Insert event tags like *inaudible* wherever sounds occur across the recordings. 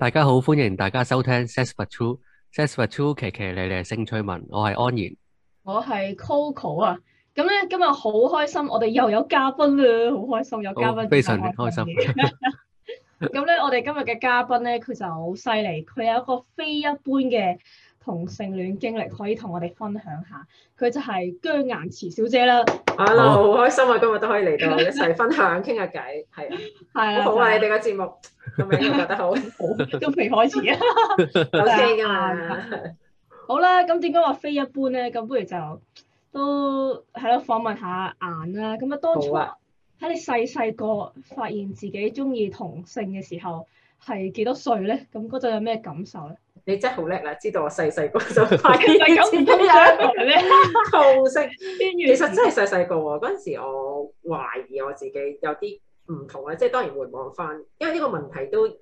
大家好，歡迎大家收聽《Sex for Two》，True, 奇奇里里《Sex for Two》奇奇里里性趣聞，我係安然，我係 Coco 啊，咁咧今日好開心，我哋又有嘉賓啦，好開心有嘉賓，非常開心。咁咧，我哋今日嘅嘉賓咧，佢就好犀利，佢有一個非一般嘅。同性戀經歷可以同我哋分享下，佢就係姜顏慈小姐啦。啊 Hello, *laughs* 我好開心啊！今日都可以嚟到一齊分享傾下偈，係啊，係啊， *laughs* 的好，好啊！ *laughs* 你哋個節目今日覺得好好， *laughs* 都未開始啊，有聲㗎嘛？ *laughs* 好啦，咁點解話非一般咧？咁不如就都係咯，訪問下顏啦。咁啊，當初喺你細細個發現自己鍾意同性嘅時候係幾多歲咧？咁嗰陣有咩感受咧？你真係好叻啦！知道我細細個就發啲咁嘅嘢，同性 *laughs* *laughs* 其實真係細細個喎。嗰陣時我懷疑我自己有啲唔同啊。即係當然回望翻，因為呢個問題都誒誒、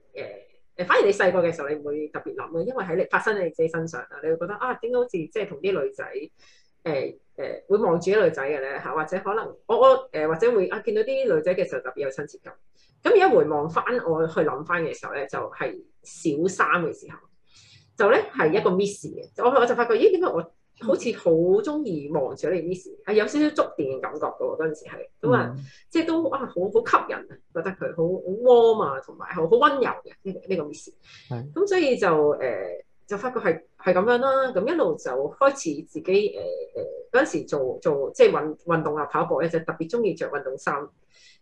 呃，反而你細個嘅時候你唔會特別諗啊，因為喺你發生喺你自己身上會啊，你就覺得啊，點解好似即係同啲女仔誒誒會望住啲女仔嘅咧嚇？或者可能我我誒、呃、或者會啊見到啲女仔嘅時候特別有親切感。咁而家回望翻我去諗翻嘅時候咧，就係、是、小三嘅時候。就咧係一個 miss 嘅，我我就發覺咦，點解我好似好中意望住你 miss 係、嗯、有少少觸電嘅感覺嘅喎。嗰陣時係咁啊，即係都啊好好吸引啊，覺得佢好好 warm 啊，同埋好好温柔嘅呢、這個呢個 miss。咁是所以就誒、呃、就發覺係係咁樣啦。咁一路就開始自己誒誒嗰陣時做做即係運運動啊，跑步咧就特別中意着運動衫。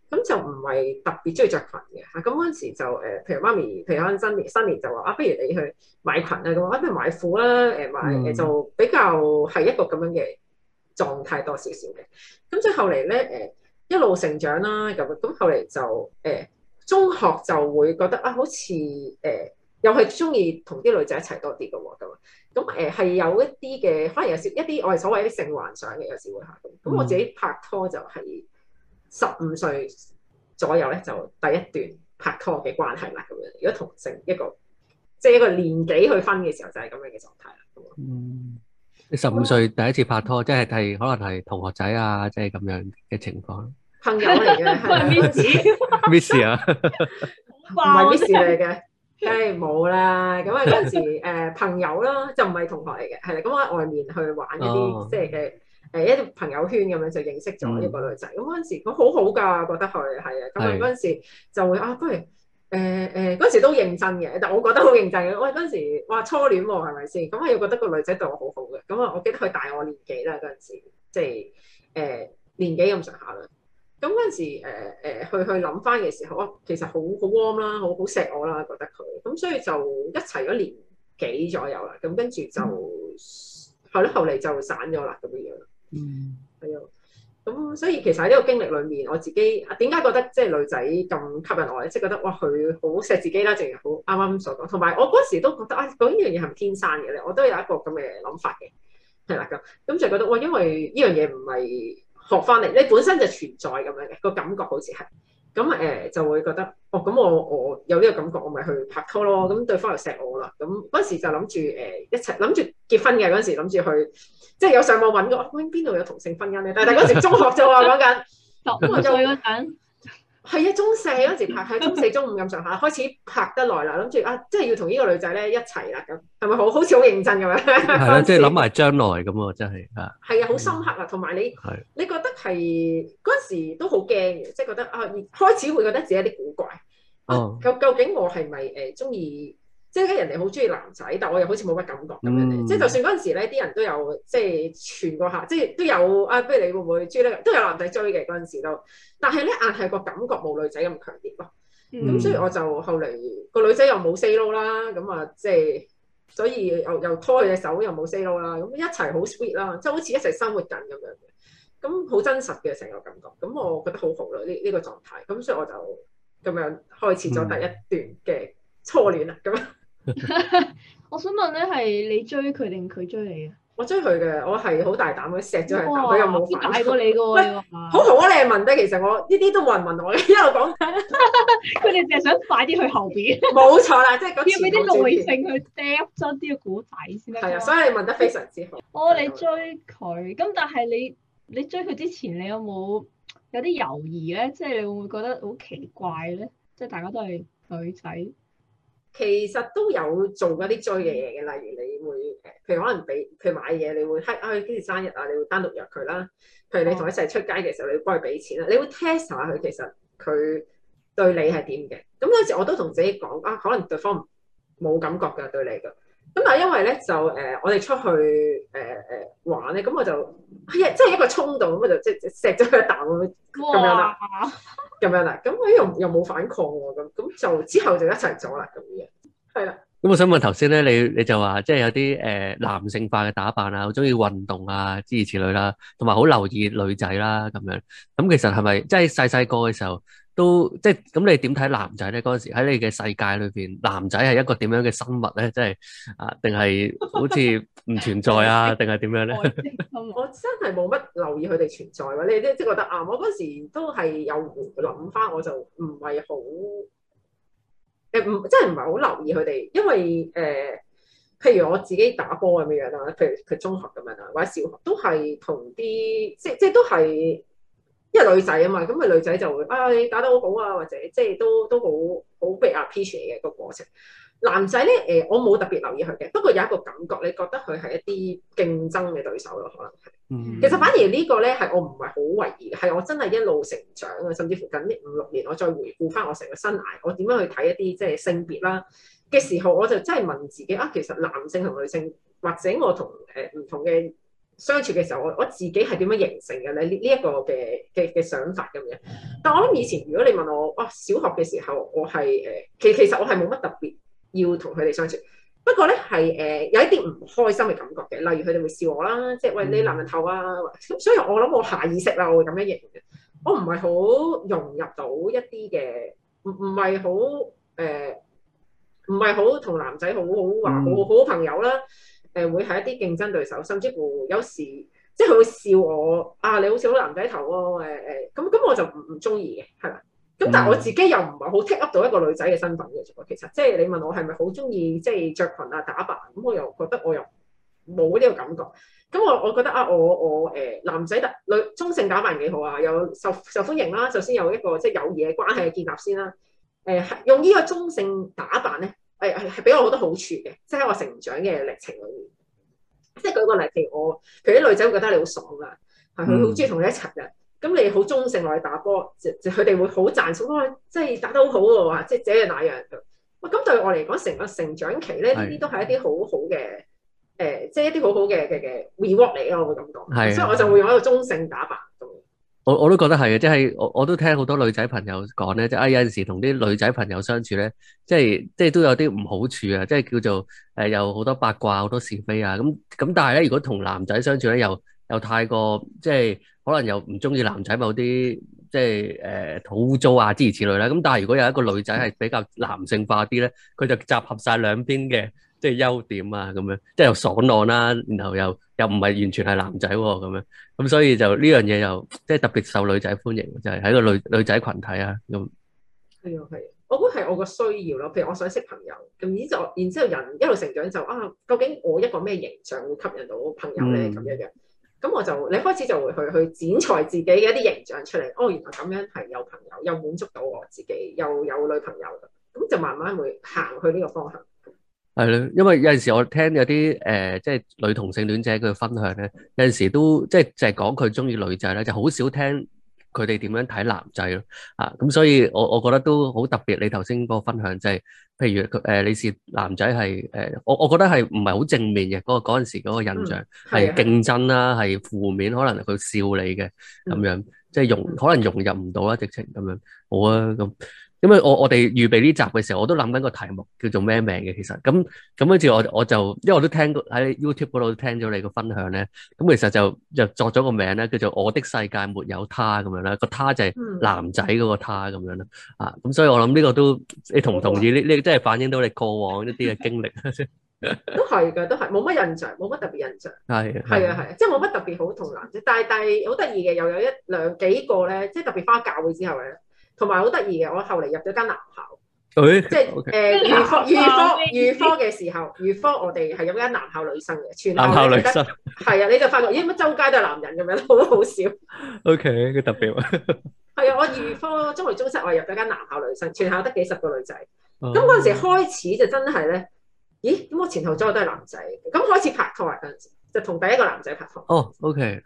咁就唔係特別中意着裙嘅嚇，咁嗰陣時就誒，譬如媽咪，譬如嗰陣新年，新年就話啊，不如你去買裙啊，咁啊不如買褲啦，誒買誒就比較係一個咁樣嘅狀態多少少嘅。咁所以後嚟咧誒一路成長啦，咁咁後嚟就誒、啊、中學就會覺得啊，好似誒、啊、又係中意同啲女仔一齊多啲嘅喎，咁咁誒係有一啲嘅，可能有少一啲我哋所謂一啲性幻想嘅有時會嚇咁。咁我自己拍拖就係、是。嗯十五歲左右咧，就第一段拍拖嘅關係啦。咁樣，如果同性一個，即係一個年紀去分嘅時候，就係、是、咁樣嘅狀態啦。嗯，你十五歲第一次拍拖，即係係可能係同學仔啊，即係咁樣嘅情況。朋友嚟嘅，Miss，Miss 啊，唔係 Miss 嚟嘅，誒冇 *laughs* *laughs* 啦。咁啊嗰陣時誒 *laughs* 朋友咯，就唔係同學嚟嘅，係啦、啊。咁我喺外面去玩一啲即係嘅。哦誒一啲朋友圈咁樣就認識咗一個女仔，咁嗰陣時佢好好㗎，覺得佢係啊，咁啊嗰陣時就會啊，不如誒誒嗰陣時都認真嘅，但我覺得好認真嘅，我係嗰陣時哇初戀喎係咪先？咁我又覺得個女仔對我好好嘅，咁啊我記得佢大我年幾啦嗰陣時，即係誒年幾咁上下啦。咁嗰陣時誒、呃、去去諗翻嘅時候，其實好好 warm 啦，好好錫我啦，覺得佢。咁所以就一齊咗年幾左右啦，咁跟住就係咯，嗯、後嚟就散咗啦咁嘅樣。嗯，係啊、嗯、咁、嗯、所以其實喺呢個經歷裏面，我自己點解覺得即係女仔咁吸引我咧？即、就、係、是、覺得哇，佢好錫自己啦，正如好啱啱所講，同埋我嗰時都覺得啊，究竟呢樣嘢係咪天生嘅咧？我都有一個咁嘅諗法嘅，係啦咁，咁就覺得哇、哎，因為呢樣嘢唔係學翻嚟，你本身就存在咁樣嘅、那個感覺好，好似係。咁誒就會覺得，哦，咁我我有呢個感覺，我咪去拍拖咯。咁對方又錫我啦。咁嗰時就諗住誒一齊，諗住結婚嘅嗰時，諗住去，即係有上網揾個，哇邊度有同性婚姻咧？但係嗰時中學啫喎，講緊，中學 *laughs* 就嗰陣。 *laughs* *laughs* 係啊，中四嗰陣時拍，係中四中五咁上下開始拍得耐啦，諗住啊，即係要同呢個女仔咧一齊啦，咁係咪好好似好認真咁樣？係的 *laughs* 時即係諗埋將來咁喎，真係啊。係啊，好深刻啊，同埋的你，的你覺得係嗰陣時都好驚嘅，即係覺得啊，開始會覺得自己有啲古怪。哦。究、啊、究竟我係咪誒鍾意？呃即係人哋好中意男仔，但我又好似冇乜感覺咁樣，嗯。即係就算嗰陣時咧，啲人都有即係傳過客，即係都有啊，不如你 l 會唔會中意咧，都有男仔追嘅嗰陣時都。但係咧，硬係個感覺冇女仔咁強烈咯。咁、嗯、所以我就後嚟個女仔又冇 say no 啦，咁啊即係所以又又拖佢隻手又冇 say no 啦，咁一齊好 sweet 啦，即係好似一齊生活緊咁樣嘅。咁好真實嘅成個感覺，咁我覺得好好咯。呢、這、呢、個這個狀態，咁所以我就咁樣開始咗第一段嘅初戀啦，咁、嗯。 *laughs* 我想問咧，係你追佢定佢追你啊？我追佢嘅，我係好大膽咁錫咗佢，佢又冇大過你嘅喂，好同啊！你問得其實我呢啲都冇人問我，一路講佢哋淨係想快啲去後邊。冇錯啦，即係要俾啲耐性去掹咗啲嘅故仔先得。係啊，所以你問得非常之好。哦，你追佢，咁但係你你追佢之前，你有冇有啲猶豫咧？即係你會唔會覺得好奇怪咧？即係大家都係女仔。其實都有做嗰啲追嘅嘢嘅，例如你會，譬如可能俾，譬如買嘢你會，哎、啊，哎幾時生日啊？你會單獨約佢啦。譬如你同佢一齊出街嘅時候，你會幫佢俾錢啦。你會 test 下佢，其實佢對你係點嘅。咁有時我都同自己講啊，可能對方冇感覺㗎對你㗎。咁但因為咧就誒我哋出去誒誒玩咧，咁我就即係一個衝動，咁我就即係錫咗佢一啖咁樣啦，咁樣啦，咁佢又又冇反抗喎，咁咁就之後就一齊咗啦，咁樣。係啦。咁我想問頭先咧，你你就話即係有啲誒男性化嘅打扮啊，好中意運動啊，諸如此類啦，同埋好留意女仔啦，咁樣。咁其實係咪即係細細個嘅時候？都即係咁，你點睇男仔咧？嗰陣時喺你嘅世界裏邊，男仔係一個點樣嘅生物咧？即係啊，定係好似唔存在啊？定係點樣咧？我真係冇乜留意佢哋存在喎。你啲即係覺得啊，我嗰陣時都係有諗翻，我就唔係好誒，唔即係唔係好留意佢哋，因為誒，譬如我自己打波咁樣啦，譬如佢中學咁樣啦，或者小學都係同啲即係即係都係。因為女仔啊嘛，咁咪女仔就誒、哎、打得好好啊，或者即係都都好好被 appreciate 嘅個過程。男仔咧，誒、呃、我冇特別留意佢嘅，不過有一個感覺，你覺得佢係一啲競爭嘅對手咯，可能係。其實反而個呢個咧係我唔係好懷疑，係我真係一路成長啊，甚至乎近呢五六年，我再回顧翻我成個生涯，我點樣去睇一啲即係性別啦嘅時候，我就真係問自己啊，其實男性同女性，或者我、呃、同誒唔同嘅。相處嘅時候，我我自己係點樣形成嘅咧？呢呢一個嘅嘅嘅想法咁樣。但我諗以前，如果你問我，哇、哦，小學嘅時候，我係誒，其、呃、其實我係冇乜特別要同佢哋相處。不過咧係誒，有一啲唔開心嘅感覺嘅，例如佢哋會笑我啦，即係喂，你男人頭啊。所以我諗我下意識啦，我會咁樣形容嘅。我唔係好融入到一啲嘅，唔唔係好誒，唔係好同男仔好好話好好朋友啦。誒會係一啲競爭對手，甚至乎有時即係佢會笑我啊！你好似好男仔頭咯，誒咁咁我就唔唔中意嘅，係啦。咁但係我自己又唔係好 take up 到一個女仔嘅身份嘅啫。其實即係你問我係咪好中意即係著裙啊打扮咁，我又覺得我又冇呢個感覺。咁我我覺得啊，我我誒男仔搭女中性打扮幾好啊，又受受歡迎啦。首先有一個即係友誼嘅關係嘅建立先啦。誒、呃、用呢個中性打扮咧。係係俾我好多好處嘅，即係喺我成長嘅歷程裏面。即係舉個例子，例如我佢啲女仔會覺得你好爽噶，係佢好中意同你一齊嘅。咁你好中性，我哋打波、哦，即佢哋會好讚賞。哇，即係打得好好噶喎，即係這樣那樣。哇，咁對我嚟講，成個成長期咧，呢啲都係一啲好好嘅，誒、呃，即係一啲好好嘅嘅嘅 reward 嚟咯。我會咁講，是的 所以我就會用一個中性打扮。我我都覺得係啊，即係我我都聽好多女仔朋友講咧，即係有陣時同啲女仔朋友相處咧，即係即係都有啲唔好處啊，即係叫做誒有好多八卦、好多是非啊。咁咁但係咧，如果同男仔相處咧，又又太過即係可能又唔中意男仔某啲即係誒、呃、土污糟啊諸如此類啦。咁但係如果有一個女仔係比較男性化啲咧，佢就集合晒兩邊嘅。即係優點啊，咁樣即係又爽朗啦、啊，然後又又唔係完全係男仔咁、啊、樣，咁所以就呢樣嘢又即係特別受女仔歡迎，就係、是，喺個女女仔群體啊咁。係啊，係，我估係我個需要咯。譬如我想識朋友，咁然之後，人一路成長就啊，究竟我一個咩形象會吸引到朋友咧？咁、嗯、樣嘅，咁我就你開始就會去去剪裁自己嘅一啲形象出嚟。哦，原來咁樣係有朋友，又滿足到我自己，又有女朋友，咁就慢慢會行去呢個方向。係咯，因為有陣時我聽有啲誒、呃，即係女同性戀者佢分享咧，有陣時都即係就係講佢中意女仔咧，就好少聽佢哋點樣睇男仔咯，啊，咁所以我我覺得都好特別。你頭先嗰個分享就係、是，譬如誒、呃，你是男仔係誒，我、呃、我覺得係唔係好正面嘅。嗰、那個嗰陣時嗰個印象係競、嗯、爭啦、啊，係負面，可能佢笑你嘅咁樣，嗯、即係融、嗯、可能融入唔到啦，直情咁樣。好啊，咁。咁啊！我我哋預備呢集嘅時候，我都諗緊個題目叫做咩名嘅？其實咁咁跟住我我就，因為我都聽喺 YouTube 嗰度聽咗你個分享咧。咁其實就就作咗個名咧，叫做《我的世界沒有他》咁樣啦。個他就係男仔嗰個他咁樣啦。嗯、啊，咁所以我諗呢個都你同唔同意？呢呢、嗯、真係反映到你過往一啲嘅經歷， *laughs* 都係嘅，都係冇乜印象，冇乜特別印象。係係啊係，即係冇乜特別好同男仔，但係但係好得意嘅，又有一兩幾個咧，即係特別返教會之後咧。同埋好得意嘅，我後嚟入咗間男校，哎、即係誒預科、預科、預科嘅時候，預科我哋係入間男校女生嘅，全校，校女生。係啊，你就發覺咦乜、欸、周街都係男人咁樣，好好笑。OK，好特別喎。係啊，我預科中嚟中出我入咗間男校女生，全校得幾十個女仔。咁嗰陣時開始就真係咧，咦咁我前後左右都係男仔，咁開始拍拖啊嗰陣時，就同第一個男仔拍拖。哦、oh,，OK。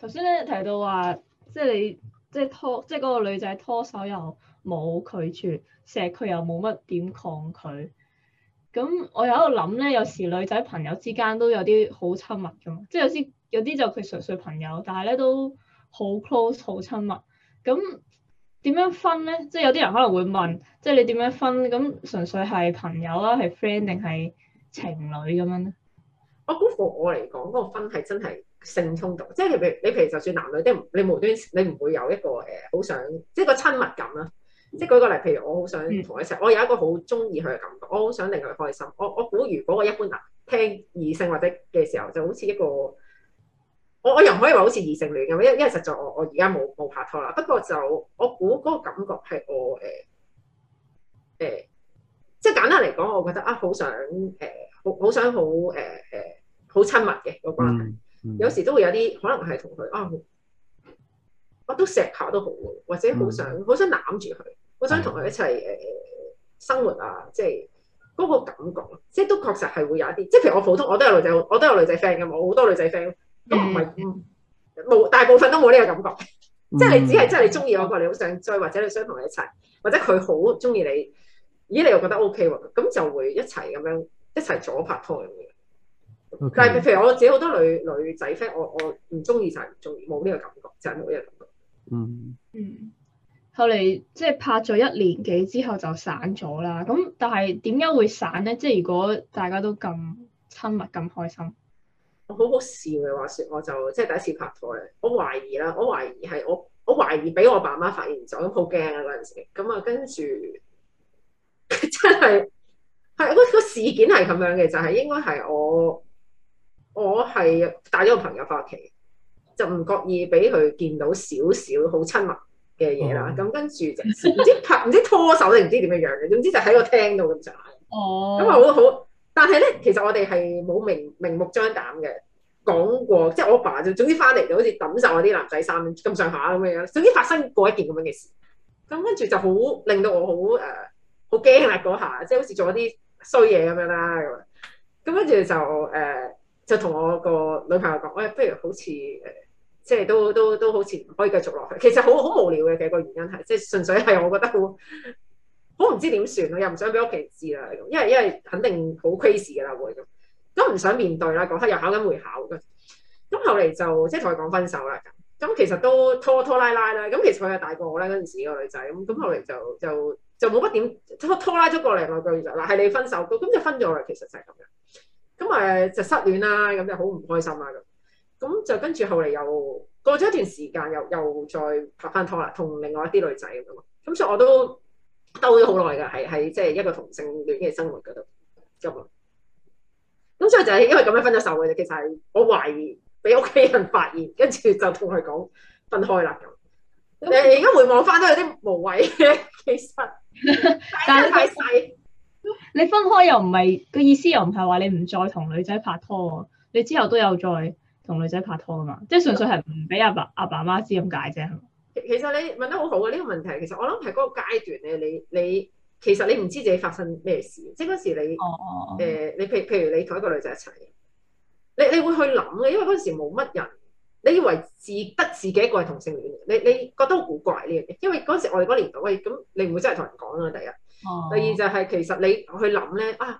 頭先咧提到話，即係你。即係拖，即係嗰個女仔拖手又冇拒絕，錫佢又冇乜點抗拒。咁我又喺度諗咧，有時女仔朋友之間都有啲好親密㗎嘛，即係有啲有啲就佢純粹朋友，但係咧都好 close 好親密。咁點樣分咧？即係有啲人可能會問，即係你點樣分？咁純粹係朋友啦，啊，係 friend 定係情侶咁樣咧？我估過我嚟講嗰個分係真係性衝動，即係你譬如你譬如就算男女都，你無端你唔會有一個誒好、呃、想即係個親密感啦。即係舉個例，譬如我好想同佢一齊，我有一個好中意佢嘅感覺，我好想令佢開心。我我估如果我一般男聽異性或者嘅時候，就好似一個我我又唔可以話好似異性戀咁，因為因為實在我我而家冇冇拍拖啦。不過就我估嗰個感覺係我誒誒、呃呃，即係簡單嚟講，我覺得啊，好、呃、想誒。呃呃好想好誒誒好親密嘅、嗰個關係，嗯嗯、有時都會有啲可能係同佢啊，我都錫下都好或者好想好想攬住佢，好想同佢一齊誒、呃、生活啊，即係嗰個感覺，即係都確實係會有一啲，即係譬如我普通，我都有女仔，我都有女仔 friend 嘅，我好多女仔 friend 都唔係冇大部分都冇呢個感覺，即係你只係真係你中意我，個，你好想追，或者你想同佢一齊，或者佢好中意你，咦你又覺得 O K 喎，咁就會一齊咁樣。一齊咗拍拖咁樣，Okay. 但係譬如我自己好多女女仔 friend，我我唔中意就係唔中意，冇呢個感覺，就係冇呢個感覺。嗯嗯，後嚟即係拍咗一年幾之後就散咗啦。咁但係點解會散咧？即係如果大家都咁親密、咁開心，我好好笑嘅話説，我就即係第一次拍拖咧。我懷疑啦，我懷疑係我我懷疑俾我爸媽發現咗，咁好驚啊嗰陣時。咁啊，跟住真係。係嗰個事件係咁樣嘅，就係應該係我我係帶咗個朋友翻屋企，就唔覺意俾佢見到少少好親密嘅嘢啦。咁、哦、跟住就唔知拍唔知拖手定唔知點樣樣嘅，總之就喺個廳度咁上哦。咁啊好好，但係咧，其實我哋係冇明明目張膽嘅講過，即係我爸就總之翻嚟就好似抌晒我啲男仔衫咁上下咁樣，總之發生過一件咁樣嘅事。咁跟住就好令到我好誒好驚啦嗰下，即係好似做一啲。衰嘢咁樣啦，咁咁跟住就誒、呃，就同我個女朋友講，喂、哎，不如好似誒、呃，即係都都都好似唔可以繼續落去。其實好好無聊嘅，其實個原因係即係純粹係我覺得好，好唔知點算咯，又唔想俾屋企人知啦，咁因為因為肯定好 case 嘅啦會咁，都唔想面對啦。嗰刻又考緊會考嘅，咁後嚟就即係同佢講分手啦。咁其實都拖拖拉拉啦。咁其實佢又大過我咧嗰陣時個女仔咁，咁後嚟就就，就就冇乜點拖拖拉咗個零個月，就嗱，係你分手咁，就分咗啦。其實就係咁樣，咁誒、呃、就失戀啦，咁就好唔開心啦，咁咁就跟住後嚟又過咗一段時間又又再拍翻拖啦，同另外一啲女仔咁樣，咁所以我都兜咗好耐噶，係喺即係一個同性戀嘅生活嗰度咁，咁所以就係因為咁樣分咗手嘅，其實係我懷疑俾屋企人發現，跟住就同佢講分開啦。咁那你而家回望翻都有啲無謂嘅其實。 *laughs* 但係太細，你分開又唔係個意思，又唔係話你唔再同女仔拍拖，你之後都有再同女仔拍拖啊嘛，即係純粹係唔俾阿爸阿 *laughs* 爸媽知咁解啫。其實你問得好好啊，呢、這個問題，其實我諗係嗰個階段咧，你你其實你唔知自己發生咩事，即係嗰時你，誒、哦呃，你譬譬如你同一個女仔一齊，你你會去諗嘅，因為嗰時冇乜人。你以為自得自己一個係同性戀嘅，你你覺得好古怪呢樣嘢，因為嗰時我哋嗰年代，喂，咁你唔會真係同人講啊，第一。哦、第二就係、是、其實你去諗咧，啊，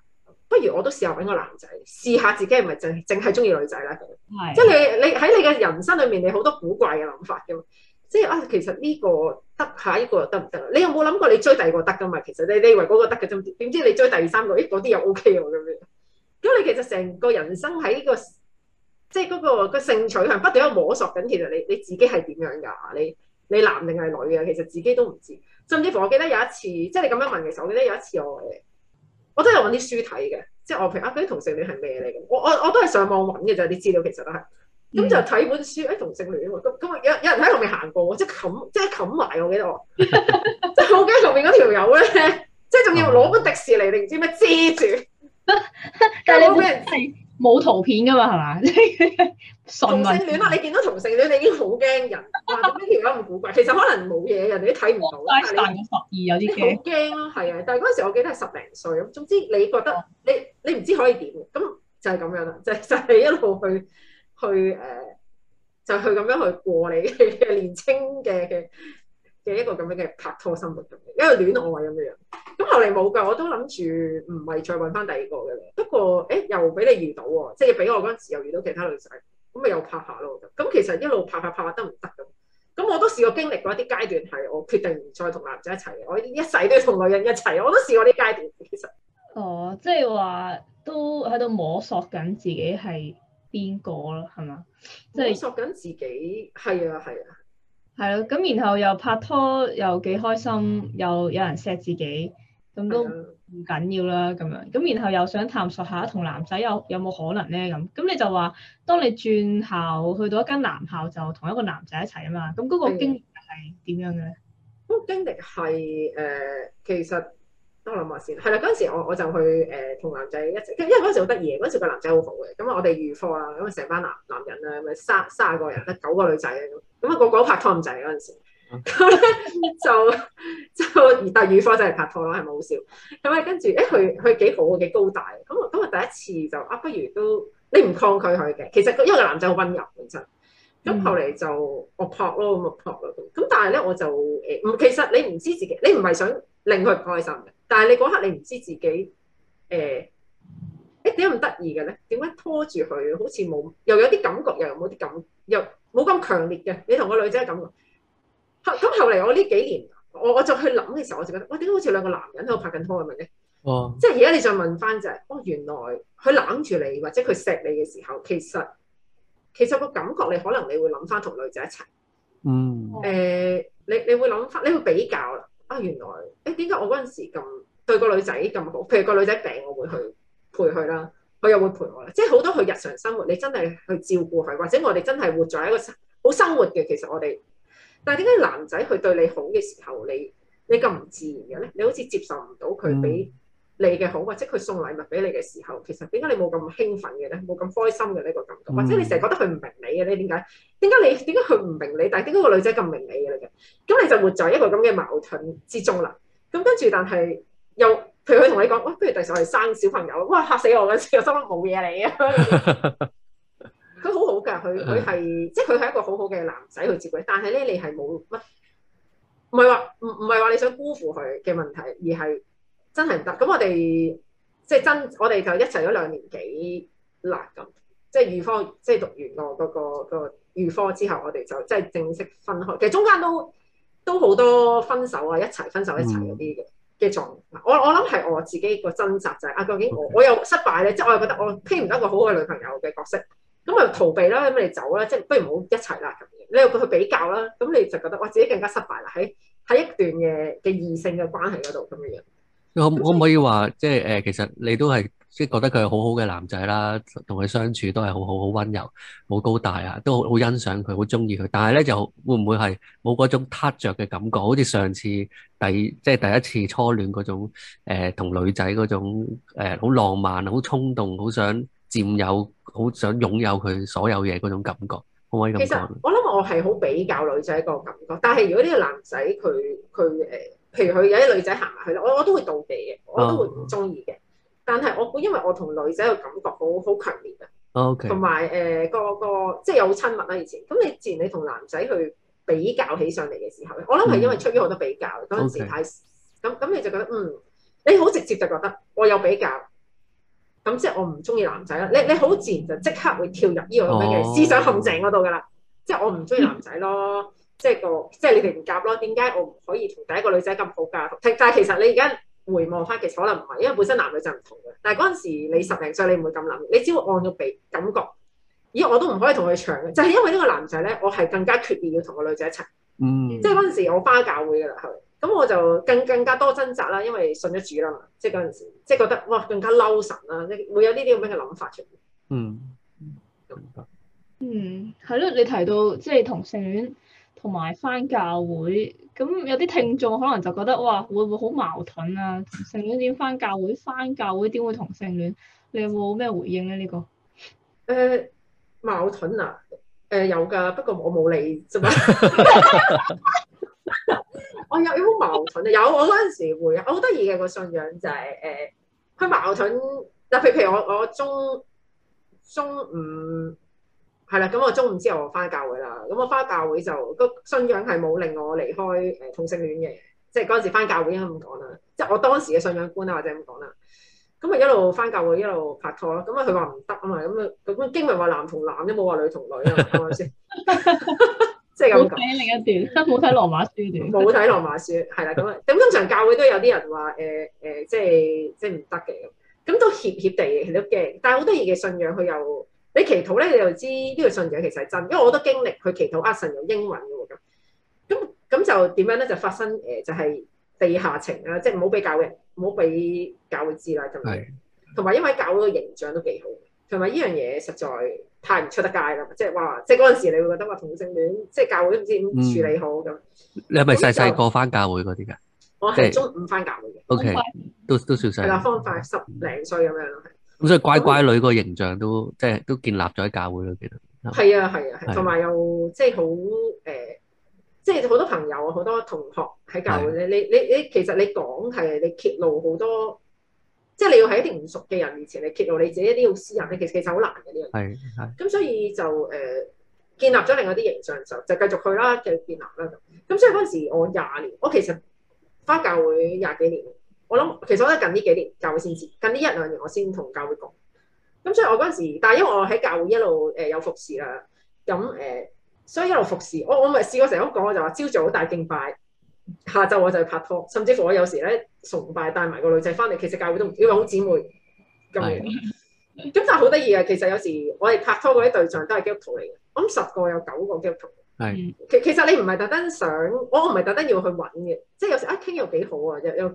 不如我都試下搵個男仔，試下自己係咪淨淨係中意女仔啦。係的。即係你你喺你嘅人生裏面，你好多古怪嘅諗法嘅。即係啊，其實呢個得嚇，呢、啊下一個又得唔得？你有冇諗過你追第二個得㗎嘛？其實你你以為嗰個得嘅，點點知你追第三個，咦嗰啲又 OK 喎咁樣。咁你其實成個人生喺呢、呢個。即係、那、嗰個個性取向不斷喺度摸索緊，其實你你自己係點樣噶？你你男定係女嘅？其實自己都唔知。甚至乎我記得有一次，即係你咁樣問嘅時候，我記得有一次我誒、啊，我都係揾啲書睇嘅。即係我譬如啊，嗰啲同性戀係咩嚟嘅？我我我都係上網揾嘅，就係啲資料其實都係。咁就睇本書，誒、哎，同性戀喎。咁咁有有人喺旁邊行過，即係冚，即係冚埋。我記得我，我驚 *laughs* 旁邊嗰條友咧，即係仲要攞本迪士尼定唔知咩遮住。但係冇人。 *laughs* 冇圖片噶嘛係嘛？ *laughs* 言同性戀啊！你見到同性戀你已經好驚人，點解條友咁古怪？其實可能冇嘢，人哋都睇唔到。 *laughs* 但係你十二有啲好驚咯，係啊！但係嗰陣時我記得係十零歲。總之你覺得 *laughs* 你你唔知可以點？咁就係咁樣啦，就就係、係一路去去誒、呃，就去咁樣去過你嘅年青嘅嘅一個咁樣嘅拍拖生活咁，因為戀愛咁嘅樣。 *laughs* *laughs* 咁後嚟冇㗎，我都諗住唔係再揾翻第二個嘅咧。不過誒，又俾你遇到喎，即係俾我嗰陣時又遇到其他女仔，咁咪又拍下咯。咁其實一路拍拍拍拍得唔得咁。咁我都試過經歷過一啲階段係我決定唔再同男仔一齊，我一世都要同女人一齊。我都試過啲階段，其實哦，即係話都喺度摸索緊自己係邊個咯，係嘛？即係，摸索緊自己，係啊，係啊，係咯、啊。咁然後又拍拖，又幾開心，又有人錫自己。咁都唔緊要啦，咁樣，咁然後又想探索下同男仔有有冇可能咧咁，咁你就話，當你轉校去到一間男校就同一個男仔一齊啊嘛，咁嗰個經歷係點樣嘅？嗰個經歷係誒、呃，其實我諗下先，係啦，嗰陣時我我就去誒同、呃、男仔一齊，因為嗰陣時好得意嘅，嗰陣時嗰個男仔好好嘅，咁啊我哋預科啊，咁啊成班男男人啊，咪三三廿個人得九個女仔，咁、那、啊個個都拍拖唔濟嗰陣時。咁咧 *laughs* 就就而第二科就嚟拍拖咯，係咪好笑？咁啊跟住，哎佢佢幾好嘅，幾高大咁啊咁啊，第一次就啊，不如都你唔抗拒佢嘅。其實因為個男仔好溫柔，本身咁後嚟就我撲咯，咁我撲咯。咁但係咧，我就誒，唔、呃、其實你唔知自己，你唔係想令佢唔開心嘅。但係你嗰刻你唔知自己誒，點解咁得意嘅咧？點、欸、解拖住佢好似冇又有啲感覺，又有冇啲感覺，又冇咁強烈嘅？你同個女仔感覺。咁後嚟我呢幾年，我我就去諗嘅時候，我就覺得，喂，點解好似兩個男人喺度拍緊拖咁樣咧？哦，即係而家你再問翻就係，哦，原來佢攬住你或者佢錫你嘅時候，其實其實個感覺你，你可能你會諗翻同女仔一齊。嗯。誒、呃，你你會諗翻，你會比較啊？原來誒點解我嗰陣時咁對個女仔咁好？譬如個女仔病，我會去陪佢啦，佢、嗯、又會陪我啦。即係好多佢日常生活，你真係去照顧佢，或者我哋真係活在一個好生活嘅。其實我哋。但點解男仔佢對你好嘅時候你，你你咁唔自然嘅咧？你好似接受唔到佢俾你嘅好，或者佢送禮物俾你嘅時候，其實點解你冇咁興奮嘅咧？冇咁開心嘅呢個感覺，或者你成日覺得佢唔明你嘅咧？點解？點解你點解佢唔明你？但係點解個女仔咁明你嘅嚟嘅？咁你就活在一個咁嘅矛盾之中啦。咁跟住，但係又譬如佢同你講，喂、哎，不如第時我哋生小朋友，哇！嚇死我嗰時，我心諗冇嘢你。」嘅。 *laughs* 佢佢係即係佢係一個好好嘅男仔去接佢，但係咧你係冇乜，唔係話唔唔係話你想辜負佢嘅問題，而係真係唔得。咁我哋即係真，我哋就一齊咗兩年幾啦。咁即係預科，即係讀完、個嗰、個、個預科之後，我哋就即係正式分開。其實中間都都好多分手啊，一齊分手一齊嗰啲嘅嘅狀態、嗯、我我諗係我自己個掙扎就係、是、啊，究竟我我又失敗咧，即係 Okay. 我又覺得我披唔得個好嘅女朋友嘅角色。咁咪逃避啦，咁咪走啦，即係不如唔好一齊啦，咁你又去比較啦，咁你就覺得我自己更加失敗啦，喺喺一段嘅嘅異性嘅關係嗰度咁嘅樣。可可唔可以話，即係誒，其實你都係即係覺得佢係好好嘅男仔啦，同佢相處都係好好好溫柔，好高大啊，都好欣賞佢，好中意佢。但係咧，就會唔會係冇嗰種撻着嘅感覺，好似上次第即係第一次初戀嗰種同、呃、女仔嗰種好、呃、浪漫、好衝動、好想。佔有好想擁有佢所有嘢嗰種感覺，可唔可以咁講？其實我諗我係好比較女仔個感覺，但係如果呢個男仔佢佢，誒，譬如佢有啲女仔行埋去咧，我我都會妒忌嘅，我都會唔中意嘅。哦、但係我會因為我同女仔個感覺好好強烈啊，同埋誒個個即係有好親密啦、啊。以前咁你自然你同男仔去比較起上嚟嘅時候，我諗係因為出於好多比較嗰陣、嗯、時太咁咁 okay、嗯、你就覺得嗯，你好直接就覺得我有比較。咁、嗯、即係我唔中意男仔啦，你你好自然就即刻會跳入呢個咁嘅思想陷阱嗰度㗎啦。哦、即係我唔中意男仔咯，嗯、即係個即係你哋唔夾咯。點解我唔可以同第一個女仔咁好㗎？但係其實你而家回望翻，其實可能唔係，因為本身男女就唔同嘅。但係嗰陣時你十零歲，你唔會咁諗，你只會按個鼻感覺。而我都唔可以同佢搶嘅，就係、是、因為呢個男仔咧，我係更加決意要同個女仔一齊。嗯、即係嗰陣時我返教會㗎啦，係。咁我就更更加多掙扎啦，因為信咗主啦嘛，即係嗰陣時，即係覺得哇更加嬲神啦、啊，即係會有呢啲咁樣嘅諗法出嚟。嗯，嗯，係咯、嗯嗯，你提到即係同性戀，同埋翻教會，咁有啲聽眾可能就覺得哇，會唔會好矛盾啊？同性戀點翻教會？翻教會點會同性戀？你有冇咩回應咧？呢、呢個誒、呃、矛盾啊？誒、呃、有㗎，不過我冇理啫嘛。 *laughs* *laughs* 我有有好矛盾啊！有，我嗰陣時會。我好得意嘅個信仰就係誒，佢矛盾，就譬如我我中中午係啦，咁我中午之後我翻教會啦，咁我翻教會就個信仰係冇令我離開誒同性戀嘅，即係嗰陣時翻教會應該咁講啦，即係我當時嘅信仰觀啊或者咁講啦。咁啊一路翻教會一路拍拖咯，咁啊佢話唔得啊嘛，咁啊咁經文話男同男都冇話女同女啊，係咪先？即係咁講，冇睇另一段，冇睇羅馬書段，冇睇 *laughs* 羅馬書，係啦咁。咁通常教會都有啲人話誒誒，即係即係唔得嘅咁。咁、呃、都怯怯地，佢都驚。但係好多嘢嘅信仰，佢又你祈禱咧，你又知呢個信仰其實係真，因為我好多經歷佢祈禱啊神有應允嘅喎咁。咁咁就點樣咧？就發生誒、呃，就係、是、地下情啊！即係唔好俾教人，唔好俾教會知啦咁。係。同埋的因為教會形象都幾好。同埋呢樣嘢實在太唔出得街啦，即係話，即係嗰陣時你會覺得話同性戀，即係教會都唔知點處理好咁。你係咪細細個翻教會嗰啲噶？我係中午翻教會嘅。O K，都都算細。係啦，方法十零歲咁樣。咁所以乖乖女個形象都即係都建立咗喺教會咯，記得。係啊係啊係，同埋又即係好誒，即係好多朋友好多同學喺教會咧。你你你其實你講係你揭露好多。即係你要喺一啲唔熟嘅人面前，你揭露你自己一啲好私人嘅，其實其實好難嘅呢樣。係係。咁所以就誒、呃、建立咗另外啲形象，就就繼續去啦，繼續建立啦。咁所以嗰陣時我廿年，我其實返教會廿幾年。我諗其實我覺得近呢幾年教會先至近呢一兩年我先同教會講。咁所以我嗰陣時，但係因為我喺教會一路誒、呃、有服侍啦，咁誒、呃、所以一路服侍。我我咪試過成日都講，我就話朝早帶敬拜。下晝我就去拍拖，甚至乎我有時咧，崇拜帶埋個女仔翻嚟，其實教會都唔叫好姊妹咁樣咁，就好得意嘅。其實有時我哋拍拖嗰啲對象都係基督徒嚟嘅，我諗十個有九個基督徒係。的其其實你唔係特登想，我唔係特登要去揾嘅，即係有時啊傾又幾好啊，又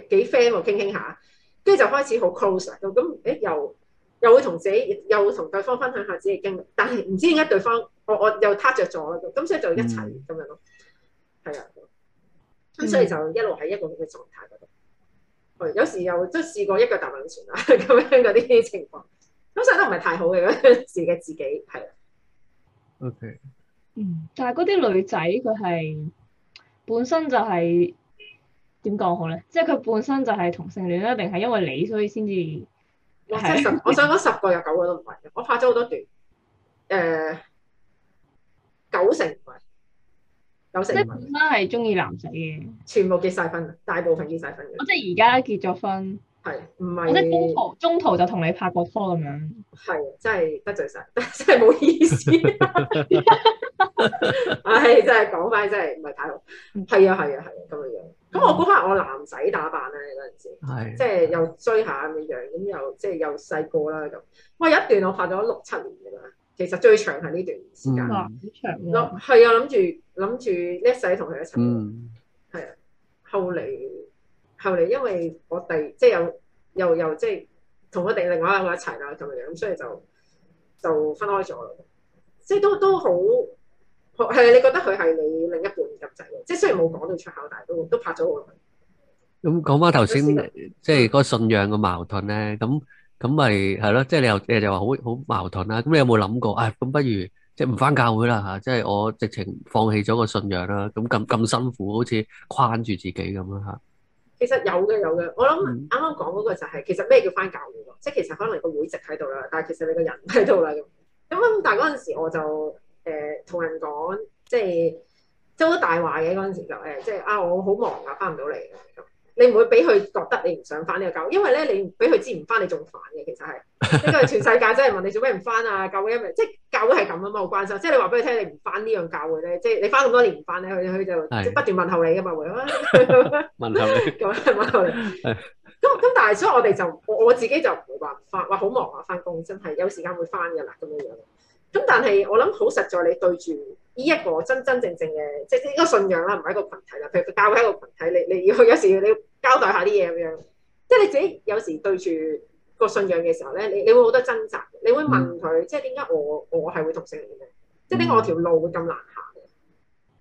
幾 friend 喎，傾傾下，跟住就開始好 close 咁。誒又又會同自己又會同對方分享下自己經歷，但係唔知點解對方我我又撻着咗啦，咁所以就一齊咁樣咯，係啊。咁所以就一路喺一個咁嘅狀態嗰度，嗯、有時又即係試過一腳踏兩船啦，咁 *laughs* 樣嗰啲情況，咁 *laughs* 所以都唔係太好嘅嗰陣時嘅自己係。O K。Okay. 嗯，但係嗰啲女仔佢係本身就係點講好咧？ *music* 即係佢本身就係同性戀咧，定係因為你所以先至？ *laughs* *music* 我想講十個有九個都唔係，我拍咗好多段誒、呃，九成唔係。即係本身係中意男仔嘅，全部結晒婚， *noise* 大部分結晒婚嘅。我即係而家結咗婚，係唔係？即中途，中途就同你拍過拖咁樣。係，真係得罪晒， *laughs* 真係冇意思。唉， *laughs* 真係講翻真係唔係太好。係 *laughs* 啊，係啊，係啊，咁樣。咁我估翻我男仔打扮咧嗰陣時，即係又追下咁嘅樣，咁又即係又細個啦咁。喂，有一段我拍咗六七年㗎啦。其實最長係呢段時間，好長咯、嗯，係啊，諗住諗住一世同佢一齊，係啊、嗯，後嚟後嚟，因為我哋，即係有，又又即係同我哋另外一個一齊啦咁樣，咁所以就就分開咗。即係都都好，係啊，你覺得佢係你另一半入仔？即係雖然冇講到出口，但係都都拍咗好耐。咁、嗯、講翻頭先，即係嗰、那個信仰嘅矛盾咧，咁。咁咪係咯，即係你又誒就話好好矛盾啦。咁你有冇諗過啊？咁不如即係唔返教會啦嚇，即係我直情放棄咗個信仰啦。咁咁咁辛苦，好似框住自己咁樣嚇。其實有嘅有嘅，我諗啱啱講嗰個就係、是嗯、其實咩叫返教會喎？即係其實可能個會籍喺度啦，但係其實你個人喺度啦。咁咁但係嗰陣時我就誒同、呃、人講，即係都大話嘅嗰陣時就誒，即係啊我好忙噶，返唔到嚟咁。你唔會俾佢覺得你唔想翻呢個教，因為咧你俾佢知唔翻你仲煩嘅，其實係呢個全世界真係問你做咩唔翻啊？教會因為即係教會係咁啊嘛，好關心，即係你話俾佢聽你唔翻呢樣教會咧，即係你翻咁多年唔翻咧，佢佢就不斷問候你噶嘛，會啊 *laughs* *laughs* 問候你咁 *laughs* 問候你咁但係所以我哋就我，我自己就唔會話翻，話好忙啊，翻工真係有時間會翻噶啦咁嘅樣。咁但係我諗好實在你對住。呢一個真真正正嘅，即係呢個信仰啦，唔係一個群體啦。譬如教會一個群體，你你要有時要你交代下啲嘢咁樣，即係你自己有時對住個信仰嘅時候咧，你你會好多掙扎，你會問佢，嗯、即係點解我我係會同性戀咧？即係點解我條路會咁難行？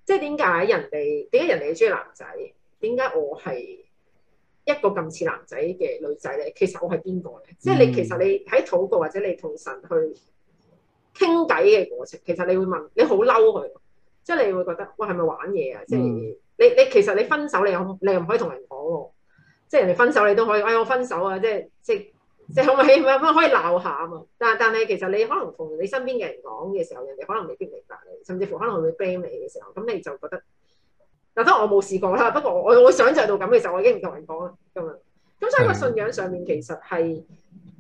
即係點解人哋點解人哋中意男仔？點解我係一個咁似男仔嘅女仔咧？其實我係邊個咧？嗯、即係你其實你喺禱告或者你同神去。傾偈嘅過程，其實你會問，你好嬲佢，即係你會覺得，喂係咪玩嘢啊？即係你你其實你分手你又你又唔可以同人講喎、啊，即係人哋分手你都可以，餵、哎、我分手啊！即係即係可唔可以可唔可以鬧下啊？但但係其實你可能同你身邊嘅人講嘅時候，人哋可能未必明白你，甚至乎可能佢會 ban 你嘅時候，咁你就覺得，嗱都我冇試過啦。不過我我想像到咁嘅時候，我已經唔同人講啦咁樣。咁所以喺個信仰上面，其實係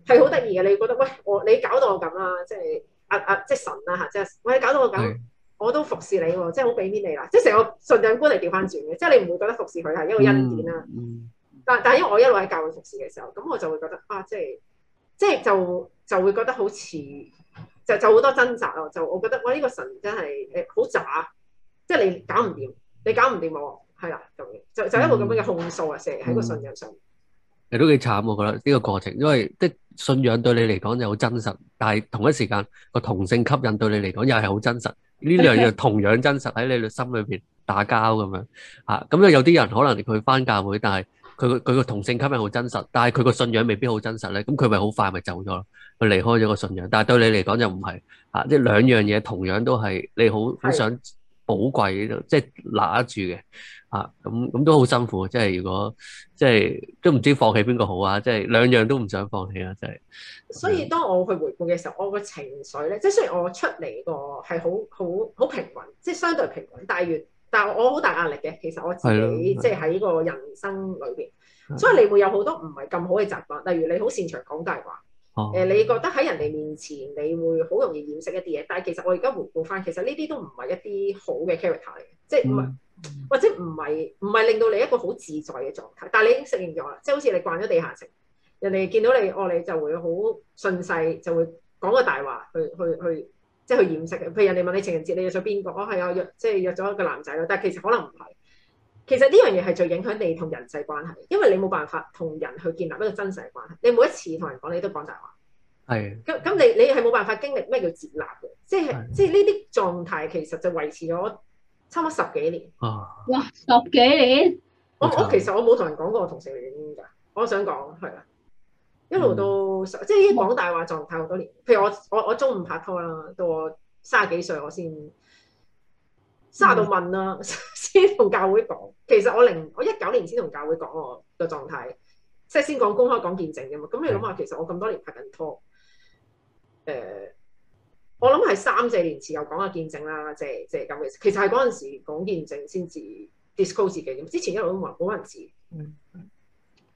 係好得意嘅。你覺得喂我你搞到我咁啦，即係。啊啊，即神啦、啊、嚇，即我係搞到我咁，的我都服侍你喎、啊，即好俾面你啦、啊，即成個信仰觀嚟調翻轉嘅，即你唔會覺得服侍佢係一個恩典啦、啊。嗯嗯、但但因為我一路喺教會服侍嘅時候，咁我就會覺得啊，即即就就會覺得好似就就好多掙扎咯、啊。就我覺得哇，呢、呢個神真係誒好渣，即你搞唔掂，你搞唔掂我係啦咁，就係、就係、一個咁樣嘅控訴啊，成日喺個信仰上。嗯嗯都幾慘，我覺得呢個過程，因為即信仰對你嚟講就好真實，但係同一時間個同性吸引對你嚟講又係好真實，呢兩樣同樣真實喺你嘅心裏邊打交咁樣，啊，咁、嗯、咧有啲人可能佢返教會，但係佢佢個同性吸引好真實，但係佢個信仰未必好真實咧，咁佢咪好快咪走咗，佢離開咗個信仰，但係對你嚟講就唔係，啊，即係兩樣嘢同樣都係你好好想。寶貴嘅，即係拿得住嘅，啊，咁咁都好辛苦，即係如果即係都唔知放棄邊個好啊，即係兩樣都唔想放棄啊，真係。所以當我去回顧嘅時候，我個情緒咧，即係雖然我出嚟個係好好好平穩，即係相對平穩，但係越但係我好大壓力嘅，其實我自己的即係喺個人生裏邊，的所以你會有好多唔係咁好嘅習慣，例如你好擅長講大話。誒、哦呃，你覺得喺人哋面前，你會好容易掩飾一啲嘢，但係其實我而家回顧返，其實呢啲都唔係一啲好嘅 character 嚟嘅，即係唔係或者唔係唔係令到你一個好自在嘅狀態。但係你已經適應咗啦，即係好似你慣咗地下情，人哋見到你，我、哦、你就會好順勢，就會講個大話去去去，去，即係去掩飾。譬如人哋問你情人節你約咗邊個，我係我約即係約咗一個男仔啦，但係其實可能唔係。其實呢樣嘢係最影響你同人際關係，因為你冇辦法同人去建立一個真實嘅關係。你每一次同人講，你都講大話，係的。咁咁，你你係冇辦法經歷咩叫接納嘅，即係的即係呢啲狀態其實就維持咗差唔多十幾年。啊！哇！十幾年，我我錯其實我冇同人講過我同性戀㗎。我想講係啊，一路到、嗯、即係呢啲講大話狀態好多年。譬如我我我中五拍拖啊，到我三十幾歲我先。卅度問啦，嗯、先同教會講。其實我零我一九年先同教會講我嘅狀態，即係先講公開講見證嘅嘛。咁你諗下，其實我咁多年拍緊拖，誒、呃，我諗係三四年前又講下見證啦，即係即係咁嘅。其實係嗰陣時講見證先至 discover 自己，咁之前一路都冇冇人知。嗯，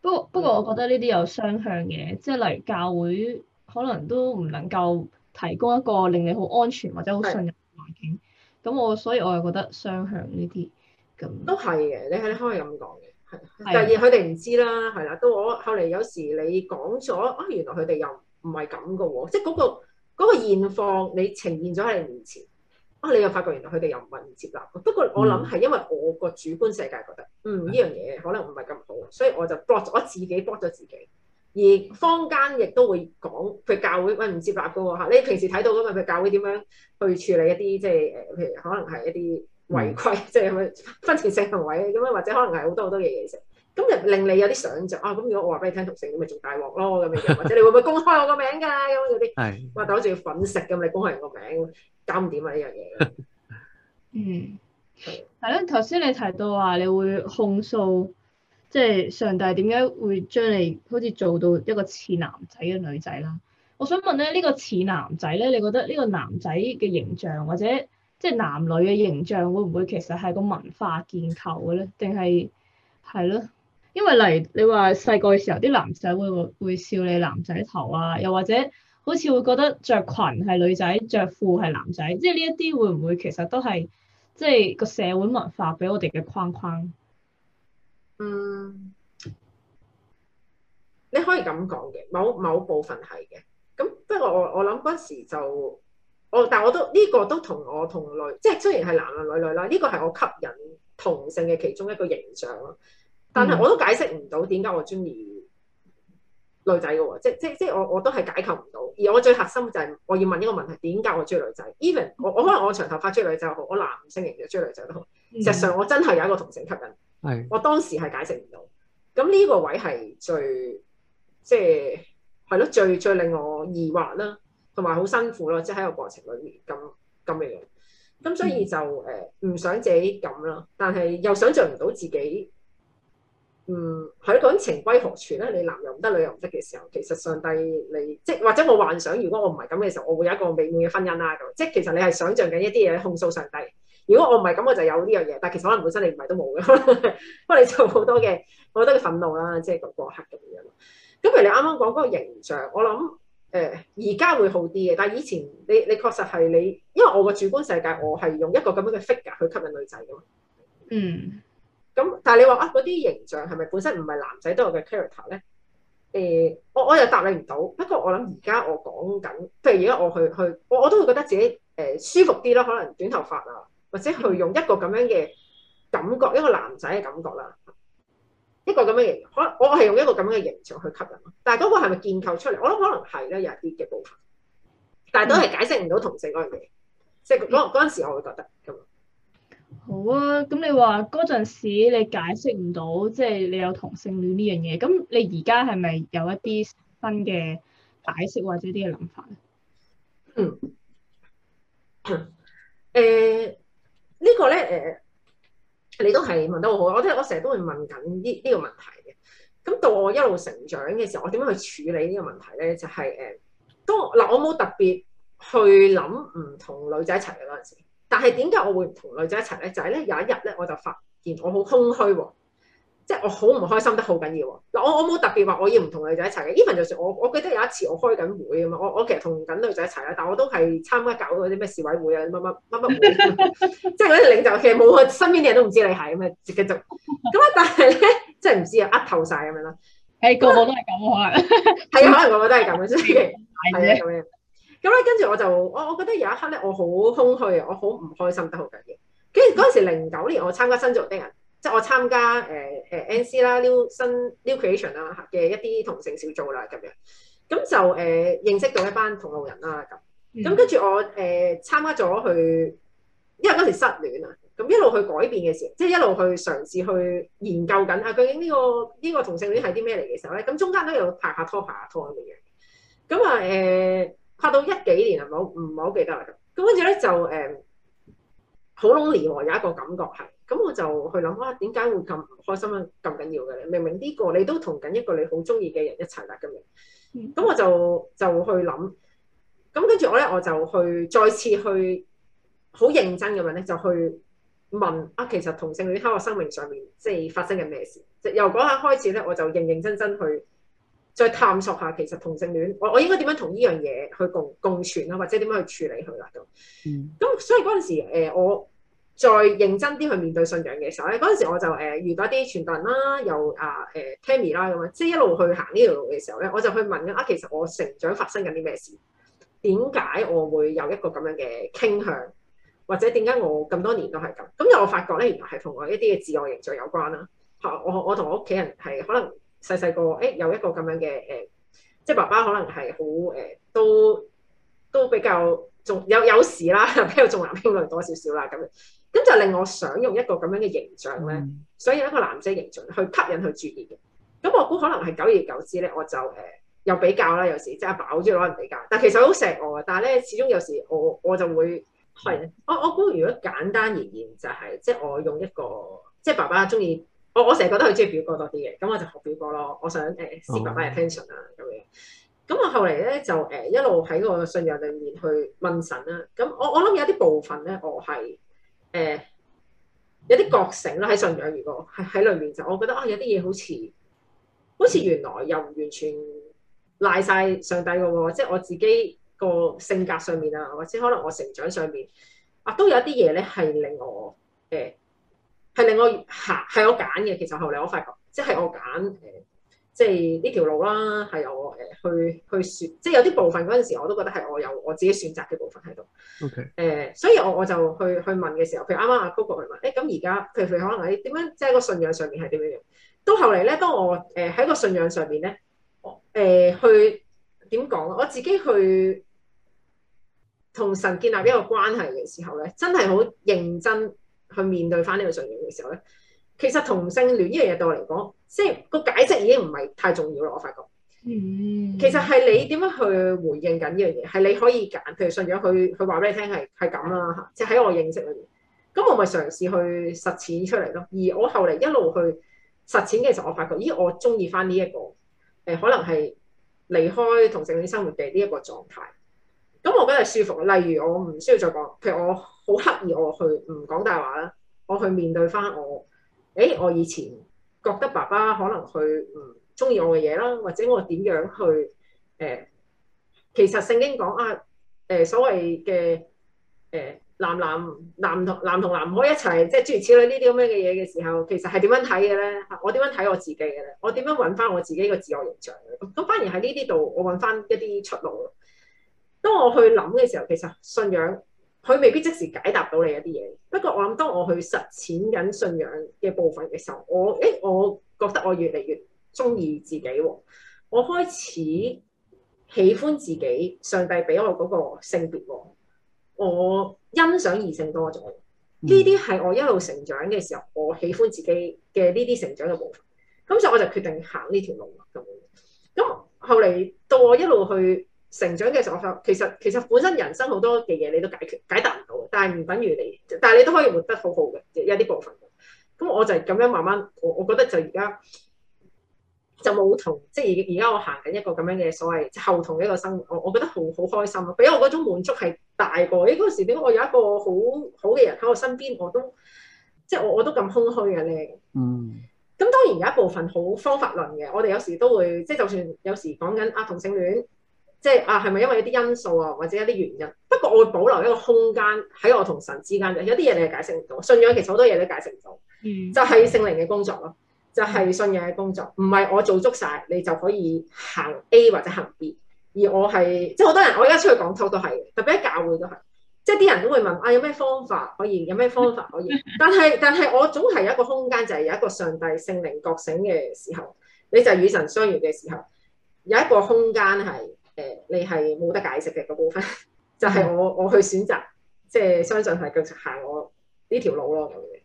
不過不過我覺得呢啲有雙向嘅，即係例如教會可能都唔能夠提供一個令你好安全或者好信任嘅環境。咁我所以我又覺得雙向呢啲咁都係嘅，你係你可以咁講嘅，係。第二，佢哋唔知啦，係啦，到我後嚟有時你講咗啊，原來佢哋又唔係咁嘅喎。即係嗰個嗰個現況你呈現咗喺你面前，啊你又發覺原來佢哋又唔係唔接納，不過我諗係因為我個主觀世界覺得嗯呢樣嘢可能唔係咁好，所以我就 block 咗我自己 block 咗自己。而坊間亦都會講佢教會，唔知發哥嚇。你平時睇到咁啊，佢教會點樣去處理一啲即係誒，可能係一啲違規，即係婚前性行為咁樣，或者可能係好多好多嘢嘢食。咁令令你有啲想像啊！咁如果我話俾你聽同性，你咪仲大鑊咯咁樣。或者你會唔會公開我個名㗎？咁嗰啲係哇，但係好似要粉飾咁，你公開人個名搞唔掂啊！呢樣嘢。嗯，係啦的，頭先你提到話，你會控訴。即係上帝點解會將你好似做到一個似男仔嘅女仔啦？我想問咧，這個、呢個似男仔咧，你覺得呢個男仔嘅形象或者即係男女嘅形象會唔會其實係個文化建構嘅咧？定係係咯？因為例如你話細個嘅時候，啲男仔會會笑你男仔頭啊，又或者好似會覺得着裙係女仔，着褲係男仔，即係呢一啲會唔會其實都係即係個社會文化俾我哋嘅框框？嗯，你可以咁講嘅，某某部分係嘅。咁不過我我諗嗰時就我，但我都呢、這個都同我同類，即係雖然係男男女女啦，呢、這個係我吸引同性嘅其中一個形象咯。但係我，我，我，我都解釋唔到點解我中意女仔嘅喎，即即即我我都係解構唔到。而我最核心就係我要問一個問題：點解我中意女仔？Even 我我可能我，我長頭髮中意女仔好，我男性型嘅中意女仔都好。實際上我真係有一個同性吸引。係，我當時係解釋唔到，咁呢個位係最即係，係咯，最最令我疑惑啦，同埋好辛苦咯，即係喺個過程裏面咁咁嘅樣，咁所以就誒唔、呃、想自己咁啦，但係又想像唔到自己，嗯，係咯，講緊情歸何處咧？你男又唔得，女又唔得嘅時候，其實上帝你即係或者我幻想，如果我唔係咁嘅時候，我會有一個美滿嘅婚姻啦咁，即係其實你係想像緊一啲嘢控訴上帝。如果我唔係咁，我就有呢樣嘢。但係其實可能本身你唔係都冇嘅，不 *laughs* 過你做好多嘅。我覺得佢憤怒啦，即係個過客咁樣。咁譬如你啱啱講嗰個形象，我諗誒而家會好啲嘅。但係以前你你確實係你，因為我個主觀世界，我係用一個咁樣嘅 figure 去吸引女仔嘅嘛。嗯。咁但係你話啊，嗰啲形象係咪本身唔係男仔都有嘅 character 咧？誒、呃，我我又答你唔到。不過我諗而家我講緊，譬如而家我去去，我我都會覺得自己誒、呃、舒服啲囉。可能短頭髮啊。或者去用一個咁樣嘅感覺，一個男仔嘅感覺啦，一個咁樣嘅形，可能我係用一個咁樣嘅形象去吸引。但係嗰個係咪建構出嚟？我諗可能係咧，有一啲嘅部分，但係都係解釋唔到同性嗰樣嘢。嗯、即係嗰嗰陣時，我會覺得咁。好啊，咁你話嗰陣時你解釋唔到，即、就、係、是、你有同性戀呢樣嘢。咁你而家係咪有一啲新嘅解釋或者啲嘅諗法咧、嗯？嗯。誒、欸。個呢個咧，誒，你都係問得好好，我即係我成日都會問緊呢呢個問題嘅。咁到我一路成長嘅時候，我點樣去處理呢個問題咧？就係、是、誒，當嗱我冇特別去諗唔同女仔一齊嘅嗰陣時，但係點解我會唔同女仔一齊咧？就係、是、咧有一日咧，我就發現我好空虛喎。即係我好唔開心得好緊要喎。嗱，我我冇特別話我要唔同女仔一齊嘅。even 就算我，我記得有一次我開緊會咁啊，我我其實同緊女仔一齊啦，但我都係參加搞嗰啲咩市委會啊，乜乜乜乜會， *laughs* 即係嗰啲領袖其實冇啊，身邊啲人都唔知你係咁啊，直接就咁啊。但係咧，真係唔知啊，呃透晒咁樣咯。誒、 *laughs* 欸，嗯、個個都係咁可能，係啊， *laughs* 可能個個都係咁，即係係咧咁樣。咁咧，跟住 *laughs* 的、 *laughs* 嗯、我就我我覺得有一刻咧，我好空虛啊，我好唔開心得好緊要。跟住嗰陣時零九年，我參加新造的，的人。即係我參加誒誒 NC 啦、new 新 New Creation 啦嘅一啲同性小組啦，咁樣咁就誒、呃、認識到一班同路人啦，咁咁跟住我誒參、呃、加咗去，因為嗰時失戀啊，咁一路去改變嘅時候，即係一路去嘗試去研究緊啊，究竟呢、這個呢、這個同性戀係啲咩嚟嘅時候咧？咁中間都有拍下拖、拍下拖咁樣嘅嘢，咁啊誒拍到一幾年係冇，唔係好記得啦。咁跟住咧就誒好、呃、lonely、啊、有一個感覺係。咁我就去諗啊，點解會咁唔開心咧？咁緊要嘅咧，明明呢個你都同緊一個你好中意嘅人一齊啦，咁樣。咁我就就去諗。咁跟住我咧，我就去再次去好認真咁樣咧，就去問啊，其實同性戀喺我生命上面即係發生緊咩事？即係由嗰刻開始咧，我就認認真真去再探索下，其實同性戀，我我應該點樣同呢樣嘢去共共存啦，或者點樣去處理佢啊？咁，咁、嗯、所以嗰陣時、呃、我。再認真啲去面對信仰嘅時候咧，嗰陣時我就誒遇到一啲傳道人啦，又啊誒 Tammy 啦咁啊，即係一路去行呢條路嘅時候咧，我就去問啊，其實我成長發生緊啲咩事？點解我會有一個咁樣嘅傾向？或者點解我咁多年都係咁？咁就我發覺咧，原來係同我一啲嘅自我形象有關啦。我我我同我屋企人係可能細細個誒有一個咁樣嘅誒，即係爸爸可能係好誒都都比較重有有，有時啦比較重男輕女多少少啦咁。咁就令我想用一個咁樣嘅形象咧，嗯、想用一個男仔形象去吸引佢注意嘅。咁我估可能係久而久之咧，我就誒、呃、又比較啦，有時即係阿爸好中意攞人比較，但係其實好錫我嘅。但係咧，始終有時我我就會係我我估，如果簡單而言就係、是、即係我用一個即係爸爸中意、嗯、我，我成日覺得佢中意表哥多啲嘅。咁我就學表哥咯，我想誒吸、呃、爸爸嘅 attention 啊咁、嗯、樣。咁我後嚟咧就誒、呃、一路喺個信仰入面去問神啦。咁我我諗有啲部分咧，我係。誒、呃、有啲覺醒咯，喺信仰，仰，如果喺喺裏面就，我覺得啊有啲嘢好似好似原來又唔完全賴晒上帝個喎、哦，即係我自己個性格上面啊，或者可能我成長上面啊，都有一啲嘢咧係令我誒係、欸、令我嚇係我揀嘅，其實後嚟我發覺即係我揀誒。呃即係呢條路啦，係由我誒、呃、去去選，即係有啲部分嗰陣時，我都覺得係我有我自己選擇嘅部分喺度。OK，誒、呃，所以我我就去去問嘅時候，譬如啱啱阿 Google 去問，誒咁而家譬如你可能喺點樣，即係個信仰上面係點樣樣？到後嚟咧，當我誒喺個信仰上面咧，我、呃、誒去點講？我自己去同神建立一個關係嘅時候咧，真係好認真去面對翻呢個信仰嘅時候咧。其實同性戀呢樣嘢對我嚟講，即係個解釋已經唔係太重要啦。我發覺，嗯、其實係你點樣去回應緊呢樣嘢，係你可以揀。譬如信住佢，佢話俾你聽係係咁啦，即喺、即係、我認識裏面。咁我咪嘗試去實踐出嚟咯。而我後嚟一路去實踐嘅時候，我發覺，咦，我中意翻呢一個誒、呃，可能係離開同性戀生活嘅呢一個狀態。咁我覺得係舒服。例如我唔需要再講，譬如我好刻意我去唔講大話啦，我去面對翻我。誒，我以前覺得爸爸可能佢唔中意我嘅嘢啦，或者我點樣去誒、呃，其實聖經講啊，誒、呃、所謂嘅誒男男男同男同男唔可以一齊，即係諸如此類呢啲咁樣嘅嘢嘅時候，其實係點樣睇嘅咧？我點樣睇我自己嘅咧？我點樣揾翻我自己個自我形象？咁反而喺呢啲度，我揾翻一啲出路。當我去諗嘅時候，其實信仰。佢未必即時解答到你一啲嘢，不過我諗當我去實踐緊信仰嘅部分嘅時候，我誒、欸、我覺得我越嚟越中意自己喎，我開始喜歡自己，上帝俾我嗰個性別，我欣賞異性多咗，呢啲係我一路成長嘅時候，我喜歡自己嘅呢啲成長嘅部分。咁所以我就決定行呢條路咁。咁後嚟到我一路去。成長嘅時候，其實其實本身人生好多嘅嘢你都解決解答唔到嘅，但係唔等於你，但係你都可以活得好好嘅，一啲部分。咁我就係咁樣慢慢，我我覺得就而家就冇同，即係而家我行緊一個咁樣嘅所謂後同一個生活，我我覺得好好開心啊！俾我嗰種滿足係大過，咦嗰時點解我有一個好好嘅人喺我身邊，我都即係我我都咁空虛嘅咧。嗯。咁當然有一部分好方法論嘅，我哋有時都會即係就算有時講緊啊同性戀。即係啊，係咪因為一啲因素啊，或者一啲原因？不過我會保留一個空間喺我同神之間嘅，有啲嘢你係解釋唔到。信仰其實好多嘢都解釋唔到，嗯、就係聖靈嘅工作咯，就係信仰嘅工作。唔係我做足晒，你就可以行 A 或者行 B。而我係即係好多人，我而家出去講 talk 都係特別喺教會都係，即係啲人都會問啊，有咩方法可以？有咩方法可以？ *laughs* 但係但係我總係有一個空間，就係有一個上帝聖靈覺醒嘅時候，你就與神相遇嘅時候，有一個空間係。誒，你係冇得解釋嘅個部分，就係我我去選擇，即係相信係繼續行我呢條路咯咁嘅。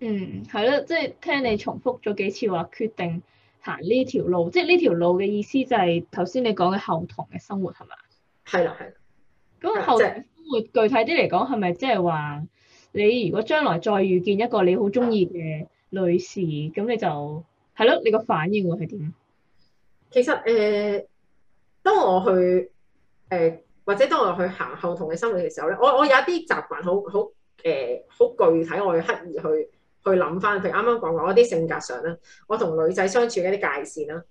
嗯，係咯，即係聽你重複咗幾次話決定行呢條路，即係呢條路嘅意思就係頭先你講嘅後堂嘅生活係嘛？係啦，係。咁後堂生活具體啲嚟講，係咪即係話你如果將來再遇見一個你好中意嘅女士，咁你就係咯，你個反應會係點？其實誒。呃當我去誒、呃，或者當我去行後同你生活嘅時候咧，我我有啲習慣好好誒好具體，我刻意去去諗翻，譬如啱啱講話我啲性格上啦，我同女仔相處嘅一啲界線啦，誒、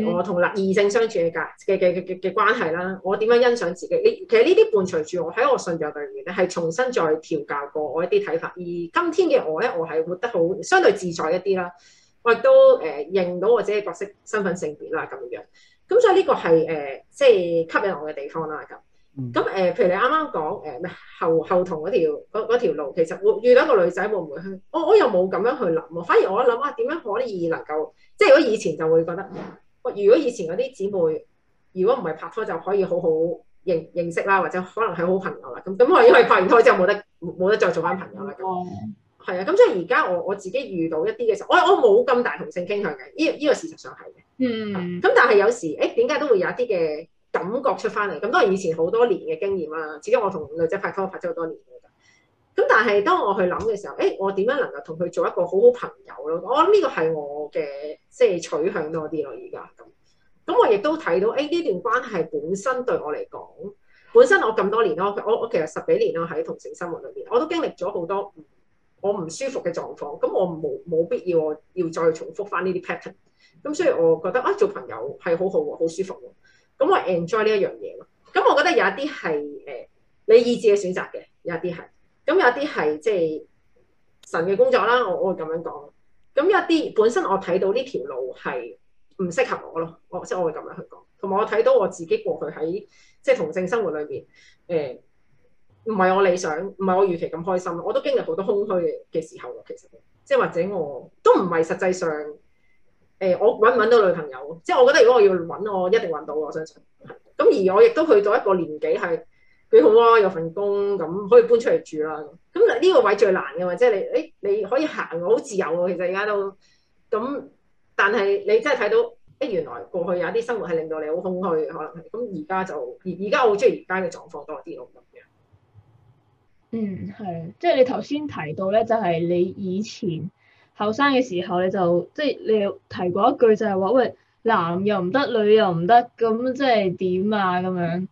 嗯呃、我同男異性相處嘅界嘅嘅嘅嘅關係啦，我點樣欣賞自己？呢其實呢啲伴隨住我喺我信仰裏面咧，係重新再調教過我一啲睇法，而今天嘅我咧，我係活得好相對自在一啲啦，我亦都誒、呃、認到我自己嘅角色身份性別啦咁樣。咁所以呢個係誒、呃，即係吸引我嘅地方啦。咁，咁、呃、誒，譬如你啱啱講誒咩後後同嗰條、條路，其實會遇到一個女仔會唔會？我我又冇咁樣去諗喎、啊，反而我諗一下，點樣可以能夠，即係如果以前就會覺得，我、呃、如果以前嗰啲姊妹，如果唔係拍拖就可以好好認認識啦，或者可能係好朋友啦。咁咁，我因為因拍完拖之後冇得冇得再做翻朋友啦。咁係啊。咁、嗯嗯、所以而家我我自己遇到一啲嘅時候，我我冇咁大同性傾向嘅，呢、這、依個事實上係嗯，咁但係有時，誒點解都會有一啲嘅感覺出翻嚟？咁當然以前好多年嘅經驗啦，始終我同女仔拍拖拍咗好多年㗎。咁但係當我去諗嘅時候，誒、欸、我點樣能夠同佢做一個好好朋友咯？我諗呢個係我嘅即係取向多啲咯，而家咁。咁、嗯嗯、我亦都睇到，誒、欸、呢段關係本身對我嚟講，本身我咁多年咯，我我其實十幾年咯喺同性生活裏面，我都經歷咗好多。我唔舒服嘅狀況，咁我冇冇必要我要再重複翻呢啲 pattern，咁所以我覺得啊做朋友係好好、啊、喎，好舒服喎、啊，咁我 enjoy 呢一樣嘢咯。咁我覺得有一啲係誒你意志嘅選擇嘅，有一啲係，咁有一啲係即係神嘅工作啦，我我會咁樣講。咁有一啲本身我睇到呢條路係唔適合我咯，我即係我會咁樣去講。同埋我睇到我自己過去喺即係同性生活裏面。誒、呃。唔係我理想，唔係我預期咁開心，我都經歷好多空虛嘅時候。其實，即係或者我都唔係實際上，誒、呃，我揾唔揾到女朋友。即係我覺得，如果我要揾，我一定揾到。我相信。咁而我亦都去到一個年紀，係幾好啊！有份工，咁可以搬出嚟住啦。咁呢、這個位最難嘅嘛，即係你誒，你可以行，好自由喎。其實而家都咁，但係你真係睇到，誒原來過去有啲生活係令到你好空虛，可能係咁。而家就而而家我好中意而家嘅狀況多啲咯。嗯，係，即係你頭先提到咧，就係、是、你以前後生嘅時候，你就即係你提過一句就係話，喂男又唔得，女又唔得，咁即係點啊咁樣？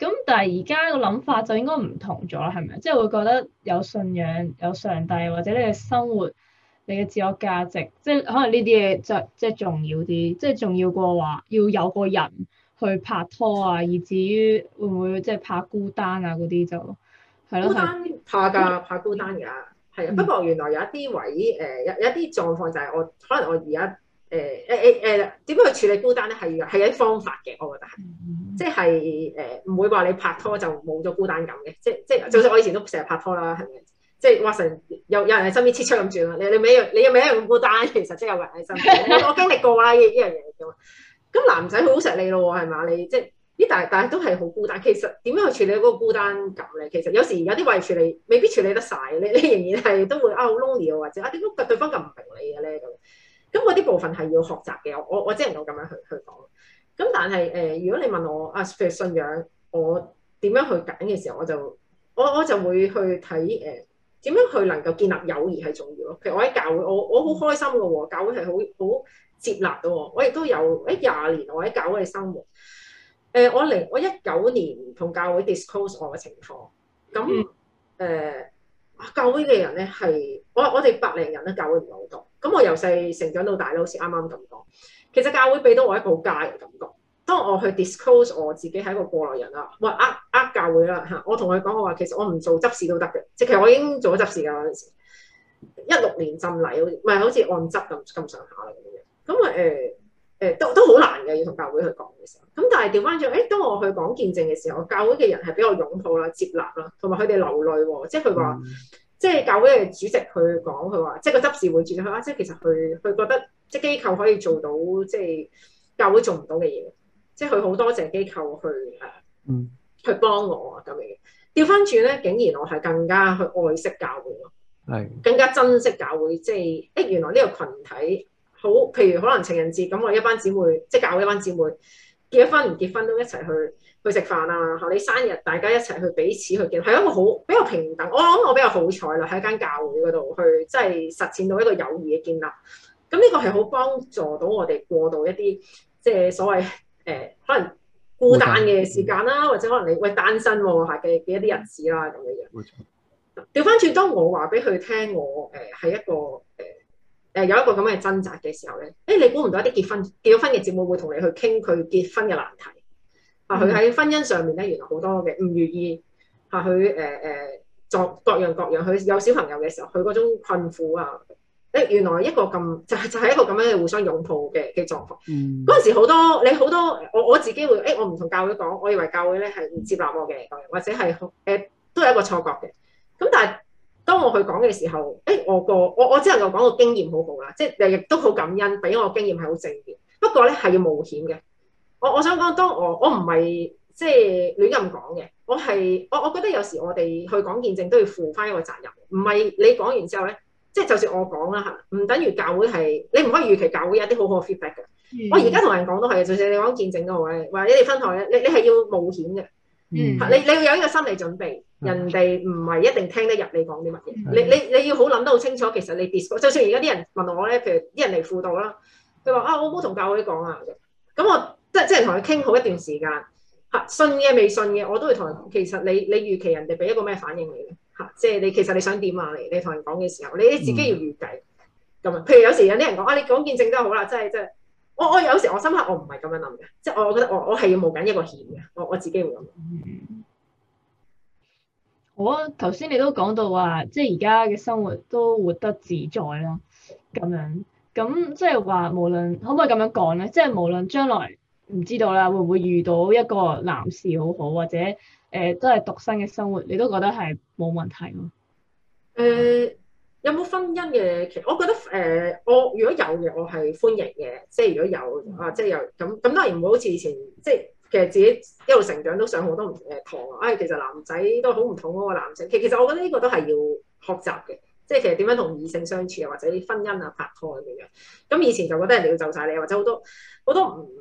咁但係而家個諗法就應該唔同咗啦，係咪？即係會覺得有信仰、有上帝，或者你嘅生活、你嘅自我價值，即係可能呢啲嘢就即係重要啲，即係重要過話要有個人去拍拖啊，以至於會唔會即係怕孤單啊嗰啲就。孤單怕噶，怕孤單噶，係啊。嗯、不過原來有一啲位，誒、呃、有有一啲狀況就係我，可能我而家，誒誒誒誒，點、呃、樣、呃、去處理孤單咧？係係有啲方法嘅，我覺得係，嗯、即係誒唔會話你拍拖就冇咗孤單感嘅，即即就算我以前都成日拍拖啦，係咪？即係話成有有人喺身邊黐出咁轉啊！你你咪一樣，你咪一樣咁孤單。其實即係有人喺身邊， *laughs* 我經歷過啦呢呢、這個、樣嘢嘅。咁、嗯、男仔好錫你咯，係嘛？你即係。但係都係好孤單，其實點樣去處理嗰個孤單感咧？其實有時有啲位處理，未必處理得晒。你你仍然係都會啊好 lonely，或者啊點解對方咁唔明你嘅咧咁？咁嗰啲部分係要學習嘅，我我我只能夠咁樣去去講。咁但係誒、呃，如果你問我啊，譬如信仰我點樣去揀嘅時候，我就我我就會去睇誒點樣去能夠建立友誼係重要咯。譬如我喺教會，我我好開心嘅喎、哦，教會係好好接納嘅喎、哦，我亦都有誒廿年我喺教會生活。誒、呃、我零我一九年同教會 disclose 我嘅情況，咁誒教會嘅人咧係我我哋百零人咧，教會唔係好多，咁我由細成長到大都好似啱啱咁講。其實教會俾到我一個好家嘅感覺。當我去 disclose 我自己係一個過來人啦，我話呃呃教會啦嚇，我同佢講我話其實我唔做執事都得嘅，即其實我已經做咗執事㗎嗰陣時，一六年浸禮唔係好似按執咁咁上下嚟嘅，咁啊誒。誒都都好難嘅，要同教會去講嘅時候。咁但係調翻轉，誒當我去講見證嘅時候，教會嘅人係比較擁抱啦、接納啦，同埋佢哋流淚喎。即係佢話，即係、嗯、教會嘅主席去講，佢話，即係個執事會主席啊。即係其實佢佢覺得，即係機構可以做到，即係教會做唔到嘅嘢。即係佢好多謝機構去誒，嗯、去幫我咁樣。調翻轉咧，竟然我係更加去愛惜教會，係的更加珍惜教會。即係誒，原來呢個群體。好，譬如可能情人節咁，我一班姊妹即係教會一班姊妹結咗婚唔結婚都一齊去去食飯啊！你生日，大家一齊去彼此去見，係一個好比較平等。我諗我比較好彩啦，喺間教會嗰度去即係實踐到一個友誼嘅建立。咁呢個係好幫助到我哋過渡一啲即係所謂誒、呃、可能孤單嘅時間啦、啊，或者可能你喂單身嚇嘅嘅一啲日子啦、啊、咁樣樣。冇錯。掉返轉當我話俾佢聽，我誒係一個誒。呃誒有一個咁嘅掙扎嘅時候咧，誒你估唔到一啲結婚結咗婚嘅節目會同你去傾佢結婚嘅難題，啊佢喺婚姻上面咧原來好多嘅唔如意，嚇佢誒誒作各樣各樣，佢有小朋友嘅時候佢嗰種困苦啊，誒、啊、原來一個咁就係就係一個咁樣嘅互相擁抱嘅嘅狀況，嗰陣、嗯、時好多你好多我我自己會誒我唔同教會講，我以為教會咧係唔接納我嘅，或者係誒、呃、都係一個錯覺嘅，咁但係，當我去講嘅時候，誒、欸、我個我我只能夠講個經驗好好啦，即係亦都好感恩，俾我經驗係好正面。不過咧係要冒險嘅。我我想講，當我我唔係即係亂咁講嘅，我係我我，我覺得有時我哋去講見證都要負翻一個責任，唔係你講完之後咧，即係就算我講啦嚇，唔等於教會係你唔可以預期教會有啲好好嘅 feedback 嘅。嗯、我而家同人講都係，就算你講見證嘅話你哋分享咧，你你係要冒險嘅。嗯、mm hmm.，你你要有呢個心理準備，人哋唔係一定聽得入你講啲乜嘢。你你你要好諗得好清楚，其實你 discuss，就算而家啲人問我咧，譬如啲人嚟輔導啦，佢話啊，我好唔好同教會講啊？咁我即即係同佢傾好一段時間，嚇信嘅未信嘅，我都會同佢。其實你你，你預期人哋俾一個咩反應你咧？嚇，即係你其實你想點啊？你你同人講嘅時候，你你自己要預計咁啊。Mm hmm. 譬如有時有啲人講啊，你講見證都好啦，真係真。我我有時我深刻，我唔係咁樣諗嘅，即係我我覺得我我係要冒緊一個險嘅，我我自己會咁諗、嗯、好啊，頭先你都講到話，即係而家嘅生活都活得自在啦，咁樣咁即係話無論可唔可以咁樣講咧？即係無論將來唔知道啦，會唔會遇到一個男士好好，或者誒、呃、都係獨身嘅生活，你都覺得係冇問題咯？誒、嗯。嗯有冇婚姻嘅？其實我覺得誒、呃，我如果有嘅，我係歡迎嘅。即係如果有啊，即、就、係、是、有咁咁當然唔會好似以前，即係其實自己一路成長都上好多唔同嘅堂啊。哎，其實男仔都好唔同嗰個男性。其其實我覺得呢個都係要學習嘅。即係其實點樣同異性相處啊，或者婚姻啊、拍拖咁樣。咁以前就覺得係你要就晒你，或者好多好多唔～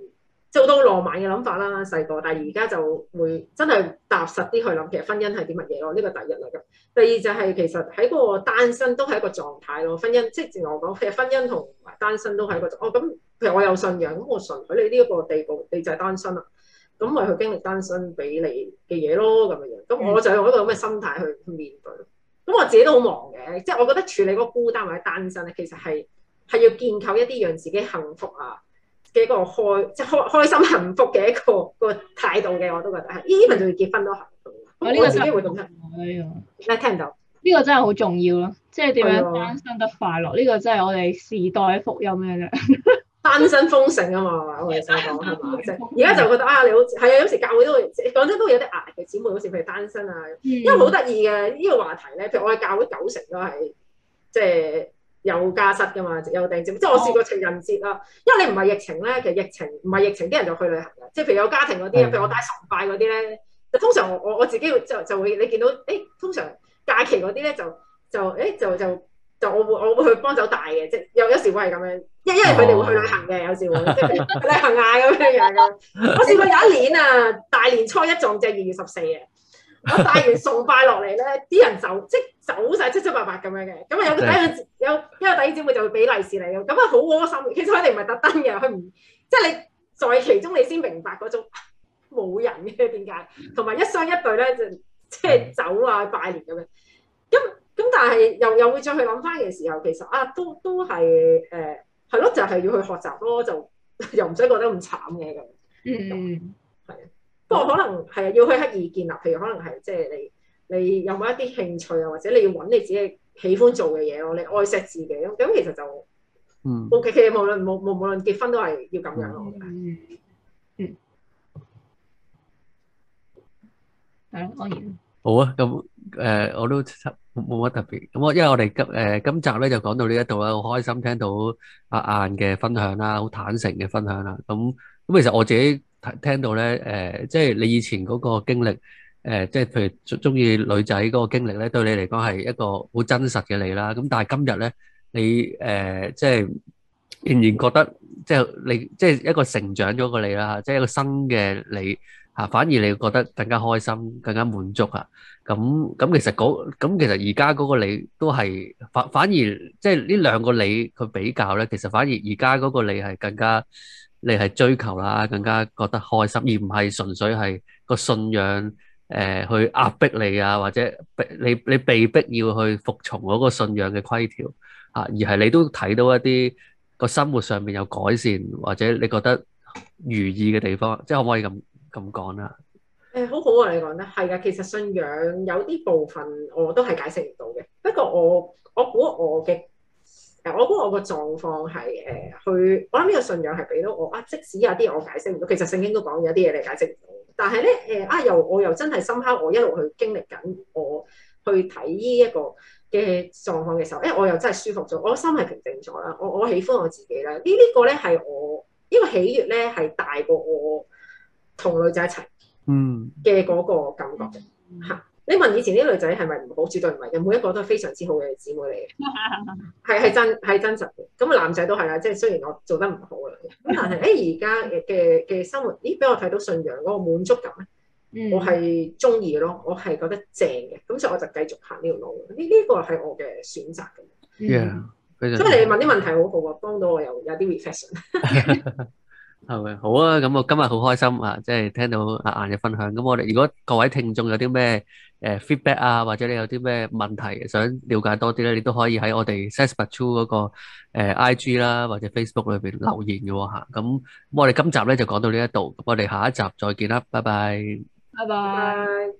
做到好多浪漫嘅諗法啦，細個。但係而家就會真係踏實啲去諗，其實婚姻係啲乜嘢咯？呢個第一嚟。咁。第二就係其實喺嗰個單身都係一個狀態咯。婚姻即係正如我講，其實婚姻同埋單身都係一個狀態哦咁。譬如我有信仰，咁我純喺你呢一個地步，你就係單身啦。咁咪去經歷單身俾你嘅嘢咯，咁樣樣。咁我就用一個咁嘅心態去面對。咁我自己都好忙嘅，即係我覺得處理嗰孤單或者單身咧，其實係係要建構一啲讓自己幸福啊。呢個開即係開開心幸福嘅一個一個態度嘅，我都覺得係，依份仲要結婚都好。咁呢個自己會點樣、哦？哎、這、呀、個，聽唔到？呢個真係好重要咯，即係點樣單身得快樂？呢的個真係我哋時代福音嘅啫，單身豐盛啊嘛，我哋成日講係嘛，而家就覺得啊，你好似，係啊，有時教會都會，講真都有啲壓嘅，姊妹好似譬如單身啊，嗯、因為好得意嘅呢個話題咧，譬如我哋教會九成都係即係。即有家室噶嘛？有定節，即係我試過情人節啊，因為你唔係疫情咧，其實疫情唔係疫情啲人就去旅行嘅，即係譬如有家庭嗰啲啊，的譬如我帶崇拜嗰啲咧，就通常我我自己會就就會你見到誒，通常假期嗰啲咧就就誒就就就，就我會我會去幫手帶嘅，即有有時會係咁樣，因因為佢哋會去旅行嘅，有時會即係旅行啊咁樣樣。我試過有一年啊，大年初一撞正二月十四嘅，我帶完崇拜落嚟咧，啲人就即係走晒七七八八咁樣嘅，咁啊有個禮 *laughs* 啲姊妹就會俾利是你嘅，咁啊好窩心。其實佢哋唔係特登嘅，佢唔即係你在其中，你先明白嗰種冇人嘅點解，同埋一雙一對咧，就即係走啊拜年咁樣。咁咁但係又又會再去諗翻嘅時候，其實啊都都係誒係咯，就係、是、要去學習咯，就又唔使覺得咁慘嘅咁。嗯，係啊。不過可能係啊，要去刻意建立，譬如可能係即係你你有冇一啲興趣啊，或者你要揾你自己。喜歡做嘅嘢，我哋愛惜自己咁咁，其實就嗯，OK，無論無無無論結婚都係要咁樣咯。嗯嗯，係咯，當然好啊。咁誒，我都冇冇乜特別。咁我因為我哋今誒今集咧就講到呢一度啦，好開心聽到阿晏嘅分享啦，好坦誠嘅分享啦。咁咁其實我自己聽聽到咧誒，即係你以前嗰個經歷。誒，即係譬如中意女仔嗰個經歷咧，對你嚟講係一個好真實嘅你啦。咁但係今日咧，你誒，即係仍然覺得，即係你即係一個成長咗個你啦，即係一個新嘅你吓，反而你覺得更加開心、更加滿足啊。咁咁其實嗰咁其實而家嗰個你都係反反而即係呢兩個你去比較咧，其實反而而家嗰個你係更加你係追求啦，更加覺得開心，而唔係純粹係個信仰。誒、呃，去壓迫你啊，或者被你你被逼要去服從嗰個信仰嘅規條啊，而係你都睇到一啲個生活上面有改善，或者你覺得如意嘅地方，即係可唔可以咁咁講呀？誒、欸，好好啊，你講得係呀，其實信仰有啲部分我都係解釋唔到嘅，不過我我估我嘅誒，我估我個狀況係誒，去我諗呢、呃、個信仰係俾到我啊，即使有啲我解釋唔到，其實聖經都講有啲嘢你解釋唔到。但係咧，誒、呃、啊！又我又真係深刻，我一路去經歷緊，我去睇呢一個嘅狀況嘅時候，因為我又真係舒服咗，我心係平靜咗啦，我我喜歡我自己啦，這個、呢呢個咧係我呢、這個喜悅咧，係大過我同女仔一齊嗯嘅嗰個感覺嚇。嗯你問以前啲女仔係咪唔好？絕對唔係嘅，每一個都係非常之好嘅姊妹嚟嘅，係係真係真實嘅。咁啊男仔都係啦，即係雖然我做得唔好啦，咁但係誒而家嘅嘅生活，咦俾我睇到信仰嗰、嗰個滿足感咧、嗯，我係中意嘅咯，我係覺得正嘅，咁所以我就繼續行呢條路。呢、這、呢個係我嘅選擇嘅。嗯，咁就即係你問啲問題好好啊，幫到我又有啲 reflection。 *laughs* 係咪好啊？咁我今日好開心啊！即係聽到阿晏嘅分享。咁我哋如果各位聽眾有啲咩誒 feedback 啊，或者你有啲咩問題想了解多啲咧，你都可以喺我哋 Sayspectool 嗰個誒 IG 啦，或者 Facebook 裏邊留言嘅吓。咁咁我哋今集咧就講到呢一度。咁我哋下一集再見啦，拜拜。拜拜。